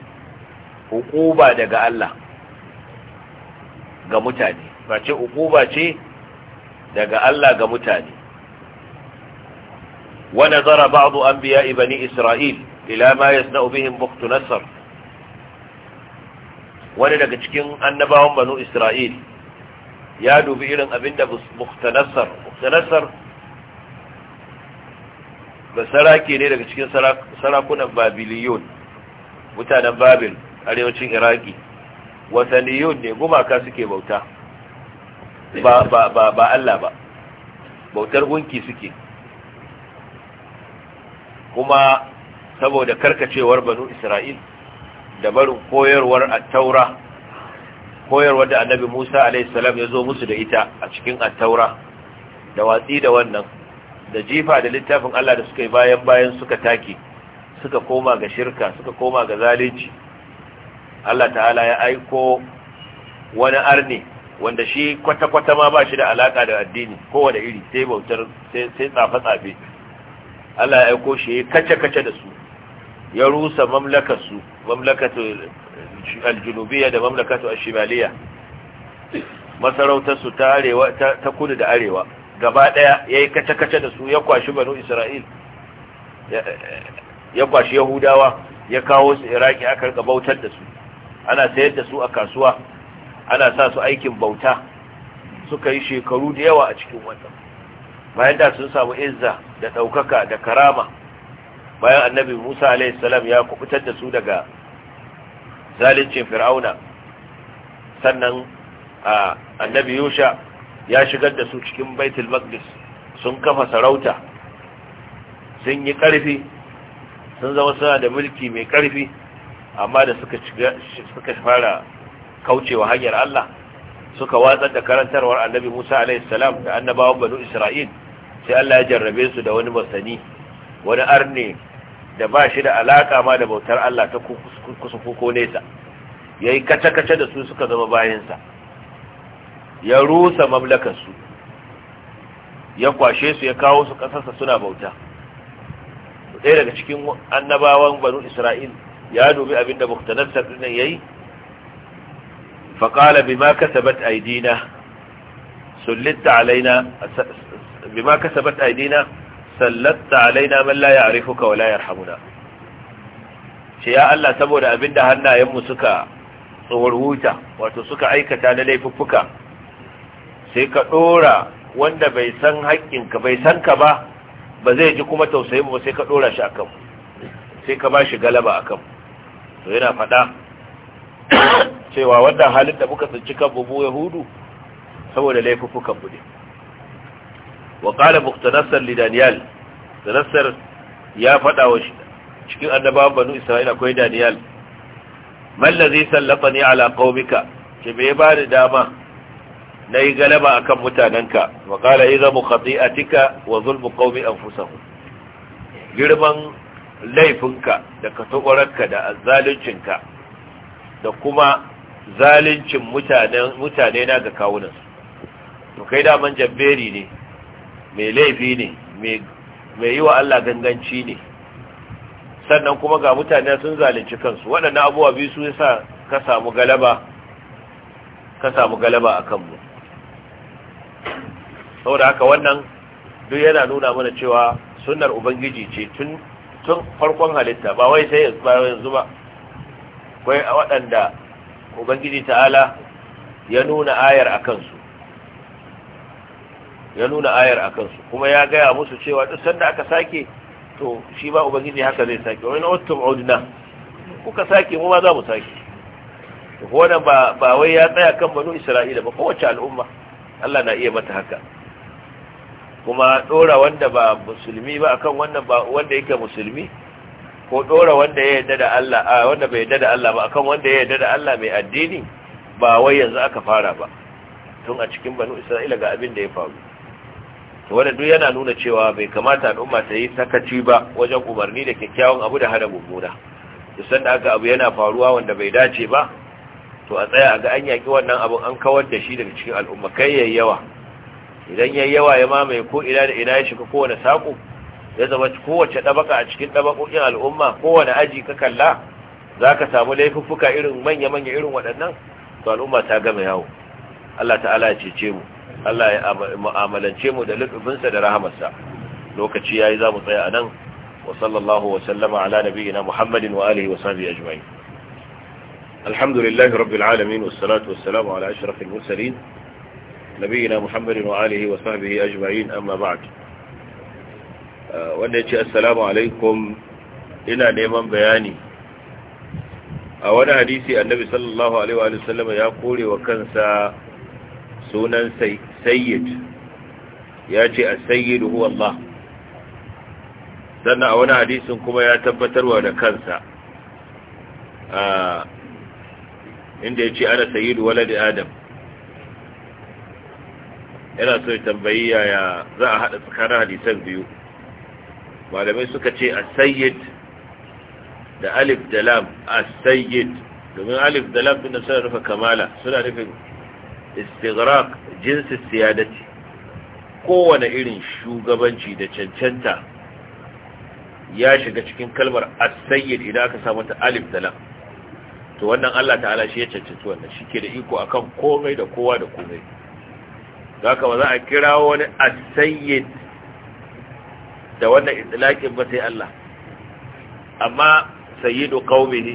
hukuba daga Allah ga mutane face hukuba ce daga Allah ga mutane ونظر بعض أنبياء بني إسرائيل إلى ما يصنع بهم بخت نصر wani daga cikin annabawan banu isra'il ya dubi irin abinda muhtanassar muhtanassar ba sarake ne daga cikin sarakunan babiliyon mutanen babil arewacin iraki wataniyon ne gumaka suke bauta ba ba ba ba Allah ba bautar gunki suke kuma saboda karkacewar banu isra'il da barin koyarwar attaura taura koyarwar da annabi Musa alaihi salam ya zo musu da ita a cikin attaura. da watsi da wannan da jifa da littafin Allah da suka yi bayan bayan suka take suka koma ga shirka suka koma ga zalunci Allah ta'ala ya aiko wani arni wanda shi kwata-kwata ma ba shi da alaka da addini kowane iri sai bautar sai tsafe-tsafe Allah ya aiko shi ya kace-kace da su ya rusa su. mamlakatu aljunubiyya da mamlakatu ashimaliya masarautar Masarautarsu ta arewa ta kudu da arewa gaba daya yayi kace-kace da su ya kwashi banu isra'il ya kwashi yahudawa ya kawo su iraki aka rika bautar da su ana sayar da su a kasuwa ana sa su aikin bauta suka yi shekaru da yawa a cikin wannan bayan da sun samu izza da ɗaukaka da karama bayan annabi Musa alaihi ya kubutar da su daga zalincin fir'auna sannan annabi Yusha ya shigar da su cikin Baitul Maqdis sun kafa sarauta sun yi ƙarfi, sun zama suna da mulki mai karfi amma da suka suka fara kaucewa hanyar Allah suka watsar da karantarwar annabi Musa alaihi da annabawan banu Isra'il sai Allah ya jarrabe su da wani masani wani arne da ba shi da alaka ma da bautar Allah ta kusa ko nesa ya yi kace-kace da su suka zama bayansa ya rusa mamlakarsu ya kwashe su ya kawo su kasarsa suna bauta ɗaya daga cikin annabawan banu isra'il ya dubi abinda muktanassar ɗinan ya yi faƙala bi ma kasabat aidina sullita alaina bi ma kasabat aidina sallatta alaina man la ya'rifuka wa la yarhamuna ce ya Allah saboda abinda hannayenmu suka tsohuwar wuta wato suka aikata na laifuffuka sai ka dora wanda bai san haƙƙinka bai san ka ba ba zai ji kuma tausayin ba sai ka dora shi akan sai ka ba shi galaba akan to yana faɗa cewa wannan halin da muka tsinci kan bubu yahudu saboda laifuffukan mu ne wa qala muqtanassar li daniyal Sanassar ya fada wa cikin annabawan banu isra'ila akwai daniyal mallazi sallafa ne ala qaumika ce me ba da dama nayi galaba akan mutananka wa qala idza mukhati'atika wa zulmu qaumi anfusahum girman laifinka da katobarka da zaluncinka da kuma zaluncin mutane na ga kawunansu to kai daman jabberi ne mai laifi ne mai yi wa Allah ganganci ne sannan kuma ga mutane sun zalunci kansu waɗannan abubuwa biyu su yasa ka samu galaba ka samu galaba a kanmu saboda haka wannan duk yana nuna mana cewa sunnar ubangiji ce tun tun farkon halitta ba wai sai yanzu ba a waɗanda ubangiji ta'ala ya nuna ayar a kansu ya nuna ayar a kansu kuma ya gaya musu cewa duk sanda aka sake to shi ba ubangiji haka zai sake wani ottum audina kuka sake mu ma za mu sake to ko ba ba wai ya tsaya kan banu isra'ila ba kowace al'umma Allah na iya mata haka kuma dora wanda ba musulmi ba akan wannan ba wanda yake musulmi ko dora wanda ya yarda da Allah a wanda bai yarda da Allah ba akan wanda ya yarda da Allah mai addini ba wai yanzu aka fara ba tun a cikin banu Isra'ila ga abin da ya faru wanda duk yana nuna cewa bai kamata al'umma ta yi sakaci ba wajen umarni da kyakkyawan abu da hada mummuna dusan da aka abu yana faruwa wanda bai dace ba to a tsaya a ga an yaki wannan abun an kawar da shi daga cikin al'umma kai yayi yawa idan yayi yawa ya mamaye ko ina da ina ya shiga kowane sako ya zama kowace ɗabaka a cikin ɗabakokin al'umma kowane aji ka kalla za ka samu laifuffuka irin manya-manya irin waɗannan to al'umma ta gama yawo Allah ta'ala ya cece mu Allah ya mu'amalance mu da lutufinsa da rahamarsa lokaci yayi za mu tsaya a nan wa sallallahu wa sallama ala nabiyyina Muhammadin wa alihi wa sahbihi ajma'in alhamdulillahi rabbil alamin was salatu was salamu ala ashrafil mursalin nabiyyina Muhammadin wa alihi wa sahbihi ajma'in amma ba'd wanda yace assalamu alaikum ina neman bayani a wani hadisi annabi sallallahu alaihi wa sallama ya kore wa kansa sunan sayyid ya ce a sayyid huwa sannan a wani hadisin kuma ya tabbatarwa da kansa inda ya ce ana sayyid walad adam yana so ya tambayi yaya za a haɗa tsakanin hadisan biyu malamai suka ce a sayyid da alif da lam a sayyid domin alif da lam suna rufe kamala suna nufin istigraq jinsi siyadati kowane irin shugabanci da cancanta ya shiga cikin kalmar as-sayyid idan aka samu ta alif da to wannan Allah ta'ala shi ya cancanci wannan shike da iko akan komai da kowa da komai zaka ba za a kira wani as-sayyid da wannan itlaqin ba sai Allah amma sayyidu qaumihi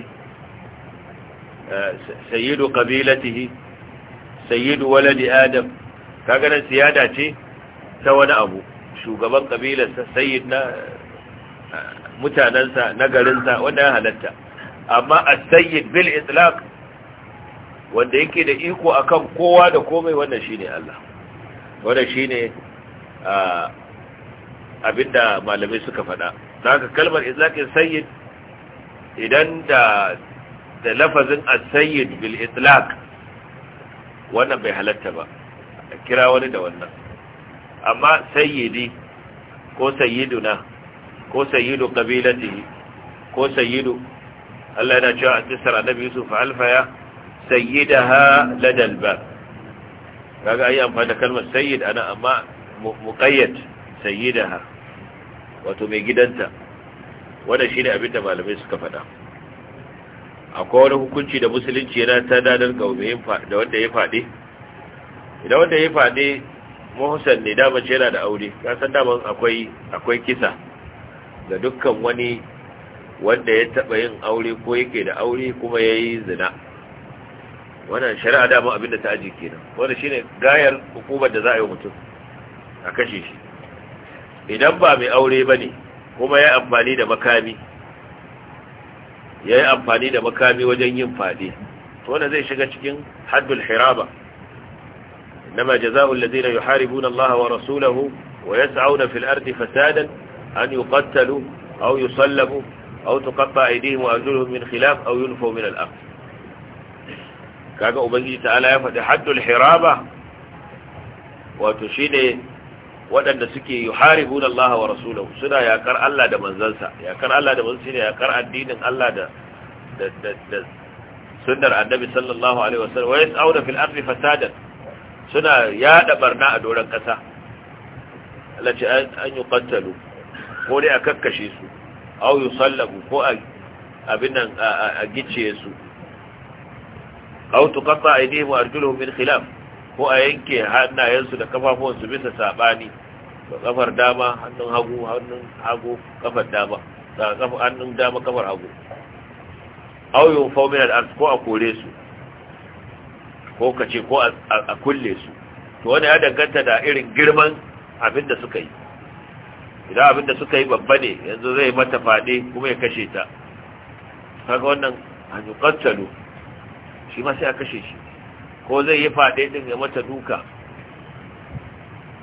eh, sayyidu qabilatihi sayyidu waladi adam kaga nan siyada ce ta wani abu shugaban kabilarsa sayyid na mutanansa na garinsa wanda ya halatta amma as-sayyid bil itlaq wanda yake da iko akan kowa da komai wannan shine Allah wannan shine abinda malamai suka faɗa haka kalmar izlaƙin sayyid idan da da lafazin as-sayyid bil itlaq wannan bai halatta ba a kira wani da wannan amma sayyidi ko sayyiduna ko sayyidu qabilatihi ko sayyidu Allah yana cewa a tsara annabi Yusuf alfaya sayyidaha ladal bab kaga ayi amfani da kalmar sayyid ana amma muqayyad sayyidaha wato mai gidanta wanda shine abin da malamai suka faɗa akwai wani hukunci da musulunci yana ta dadar ga da wanda ya faɗi idan wanda ya faɗi mahusan ne dama ce yana da aure ya san daman akwai akwai kisa ga dukkan wani wanda ya taɓa yin aure ko yake da aure kuma ya yi zina wannan shari'a dama abinda ta aji kenan wanda shine gayar hukumar da za a yi mutum a kashe shi idan ba mai aure ba ne kuma ya amfani da makami ya yi amfani da makami wajen yin faɗi wanda zai shiga cikin haddul hiraba ladina yuharibuna إنما wa rasulahu wa yas'auna fil ardi fasadan an فسادا aw yusallabu aw tuqatta aydihim wa arjuluhum min khilaf aw أو min al الأرض kaga ubangiji ta'ala ya fadi haddul hiraba wato shine waɗanda suke yi yuharibuna Allah wa rasulahu suna yakar Allah da manzansa yakar Allah da manzansa ne yakar addinin Allah da da sunnar annabi sallallahu alaihi wasallam wa yas'auna fil ardi fasadan suna yada barna a doran kasa Allah ce an yuqtalu ko dai a kakkashe su aw yusallabu ko a abin nan a gice su aw tuqatta aydihim wa arjuluhum min khilaf ko a yanke hannayensu da kafafuwansu bisa sabani kafar dama hannun hagu hannun hagu kafar dama da kafar hannun dama kafar hagu aw yunfaw min al-ard ko a kore su ko kace ko a kulle su to wanda ya danganta da irin girman abin da suka yi idan abin da suka yi babba ne yanzu zai mata fade kuma ya kashe ta kaga wannan an yuqtalu shi ma sai a kashe shi ko zai yi fade din ya mata duka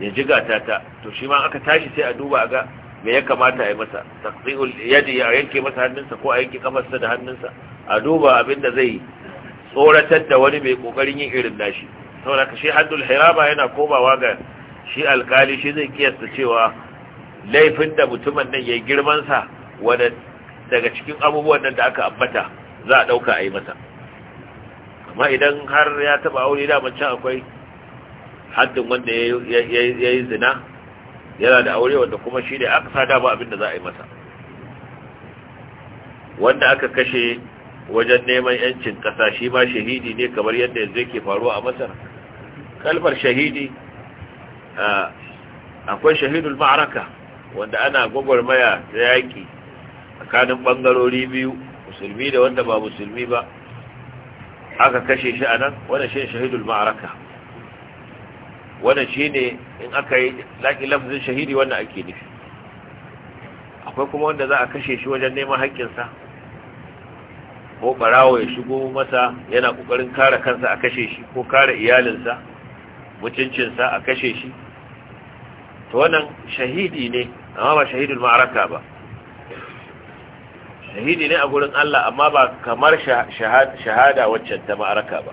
ya ji ta ta to shi ma aka tashi sai a duba a ga me ya kamata a yi masa taqdiul yadi a yanke masa hannunsa ko a yanke kafarsa da hannunsa a duba abin da zai tsoratar da wani mai kokarin yin irin nashi saboda ka shi haddul hiraba yana komawa ga shi alkali shi zai kiyasta cewa laifin da mutumin nan ya girman sa wanda daga cikin abubuwan nan da aka ambata za a dauka a yi masa amma idan har ya taba aure da mace akwai haddin wanda ya yi zina yana da aure wanda kuma shi ne aka sa dama abinda za a yi masa wanda aka kashe wajen neman yancin ƙasa shi ma shahidi ne kamar yadda yanzu yake faruwa a masar kalmar shahidi akwai shahidul ma'araka wanda ana gwagwarmaya da yaƙi tsakanin ɓangarori biyu musulmi da wanda ba musulmi ba aka kashe shi a nan wanda shi shahidul ma'araka wannan shi ne in aka yi laƙi lafzin shahidi wannan ake nufi akwai kuma wanda za a kashe shi wajen neman haƙƙinsa ko barawo ya shigo masa yana ƙoƙarin kare kansa a kashe shi ko kare iyalinsa mutuncinsa a kashe shi to wannan shahidi ne amma ba shahidin ma'araka ba shahidi ne a gurin Allah amma ba kamar shahada waccan ta ma'araka ba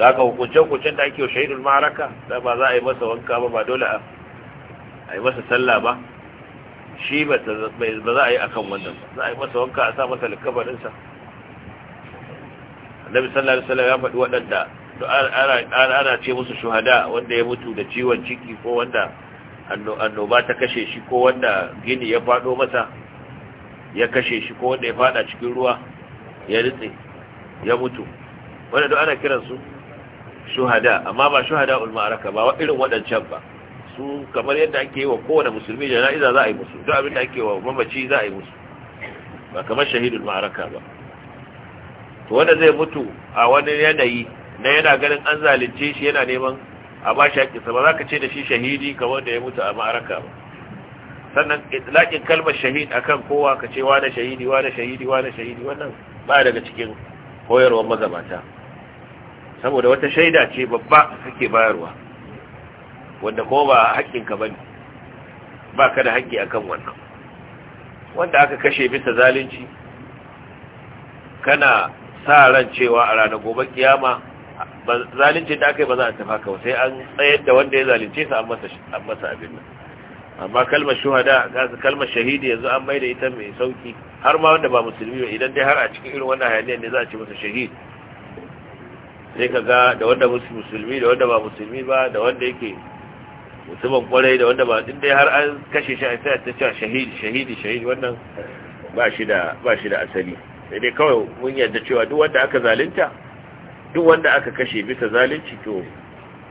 da aka hukunce-hukuncen da ake shahidul ma'araka da ba za a yi masa wanka ba ba dole a yi masa sallah ba shi ba za a yi akan wannan ba za a yi masa wanka a sa masa likabarinsa annabi sallallahu da wasallam ya faɗi waɗanda ana ce musu shuhada wanda ya mutu da ciwon ciki ko wanda annoba ta kashe shi ko wanda gini ya faɗo masa ya kashe shi ko wanda ya faɗa cikin ruwa ya ritse ya mutu wanda duk ana kiransu shuhada amma ba shuhada ulmaraka ba irin waɗancan ba su kamar yadda ake yi wa kowane musulmi jana'iza za a yi musu duk abin da ake wa mamaci za a yi musu ba kamar shahidul ma'araka ba to wanda zai mutu a wani yanayi na yana ganin an zalunce shi yana neman a ba shi haƙƙinsa ba za ka ce da shi shahidi kamar da ya mutu a ma'araka ba sannan itlaƙin kalmar shahid akan kowa ka ce wane shahidi wane shahidi wane shahidi wannan ba daga cikin koyarwar mazabata. saboda wata shaida ce babba kake bayarwa wanda kuma ba haƙƙinka bane ba ka da haƙƙi akan wannan wanda aka kashe bisa zalunci kana sa ran cewa a ranar gobe kiyama zalunci da aka yi ba za a tafa kawo sai an tsayar da wanda ya zalunce sa an masa abin nan amma kalmar shuhada kasu kalmar shahidi yanzu an mai da ita mai sauki har ma wanda ba musulmi ba idan dai har a cikin irin wannan hayaniyar ne za a ce masa shahidi sai ka ga da wanda musulmi da wanda ba musulmi ba da wanda yake musulman kwarai da wanda ba din dai har an kashe shi a sai ta cewa shahidi shahidi shahidi wannan ba shi da ba shi da asali sai dai kawai mun yarda cewa duk wanda aka zalunta duk wanda aka kashe bisa zalunci to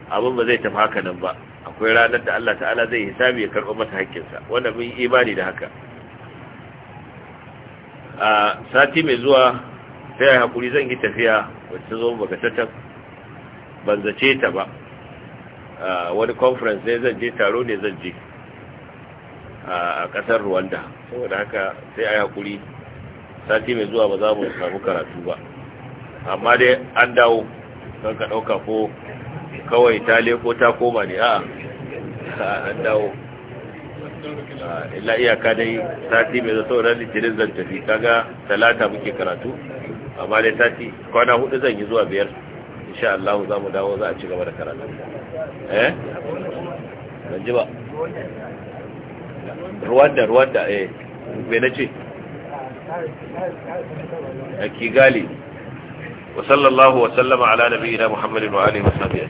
abin ba zai tafi haka nan ba akwai ranar da Allah ta'ala zai hisabi ya karɓo masa haƙƙinsa wanda mun yi imani da haka a sati mai zuwa sai ya haƙuri zan yi tafiya wacce zo baka tattab ban zace ta ba wani conference ne zan je taro ne zan je a ƙasar rwanda saboda haka sai a yi haƙuri sati mai zuwa ba za mu samu karatu ba amma dai an dawo don ka ɗauka ko kawai ta leko ta koma ne a an dawo illa iyaka dai sati mai zuwa saboda litinin zan tafi kaga talata muke karatu amma dai sati kwana hudu zan yi zuwa biyar insha Allah za mu dawo za a ci gaba da karatu eh ban ji ba ruwanda ruwanda eh me na a Kigali wa sallallahu wa sallama ala nabiyina Muhammadin wa alihi wa sahbihi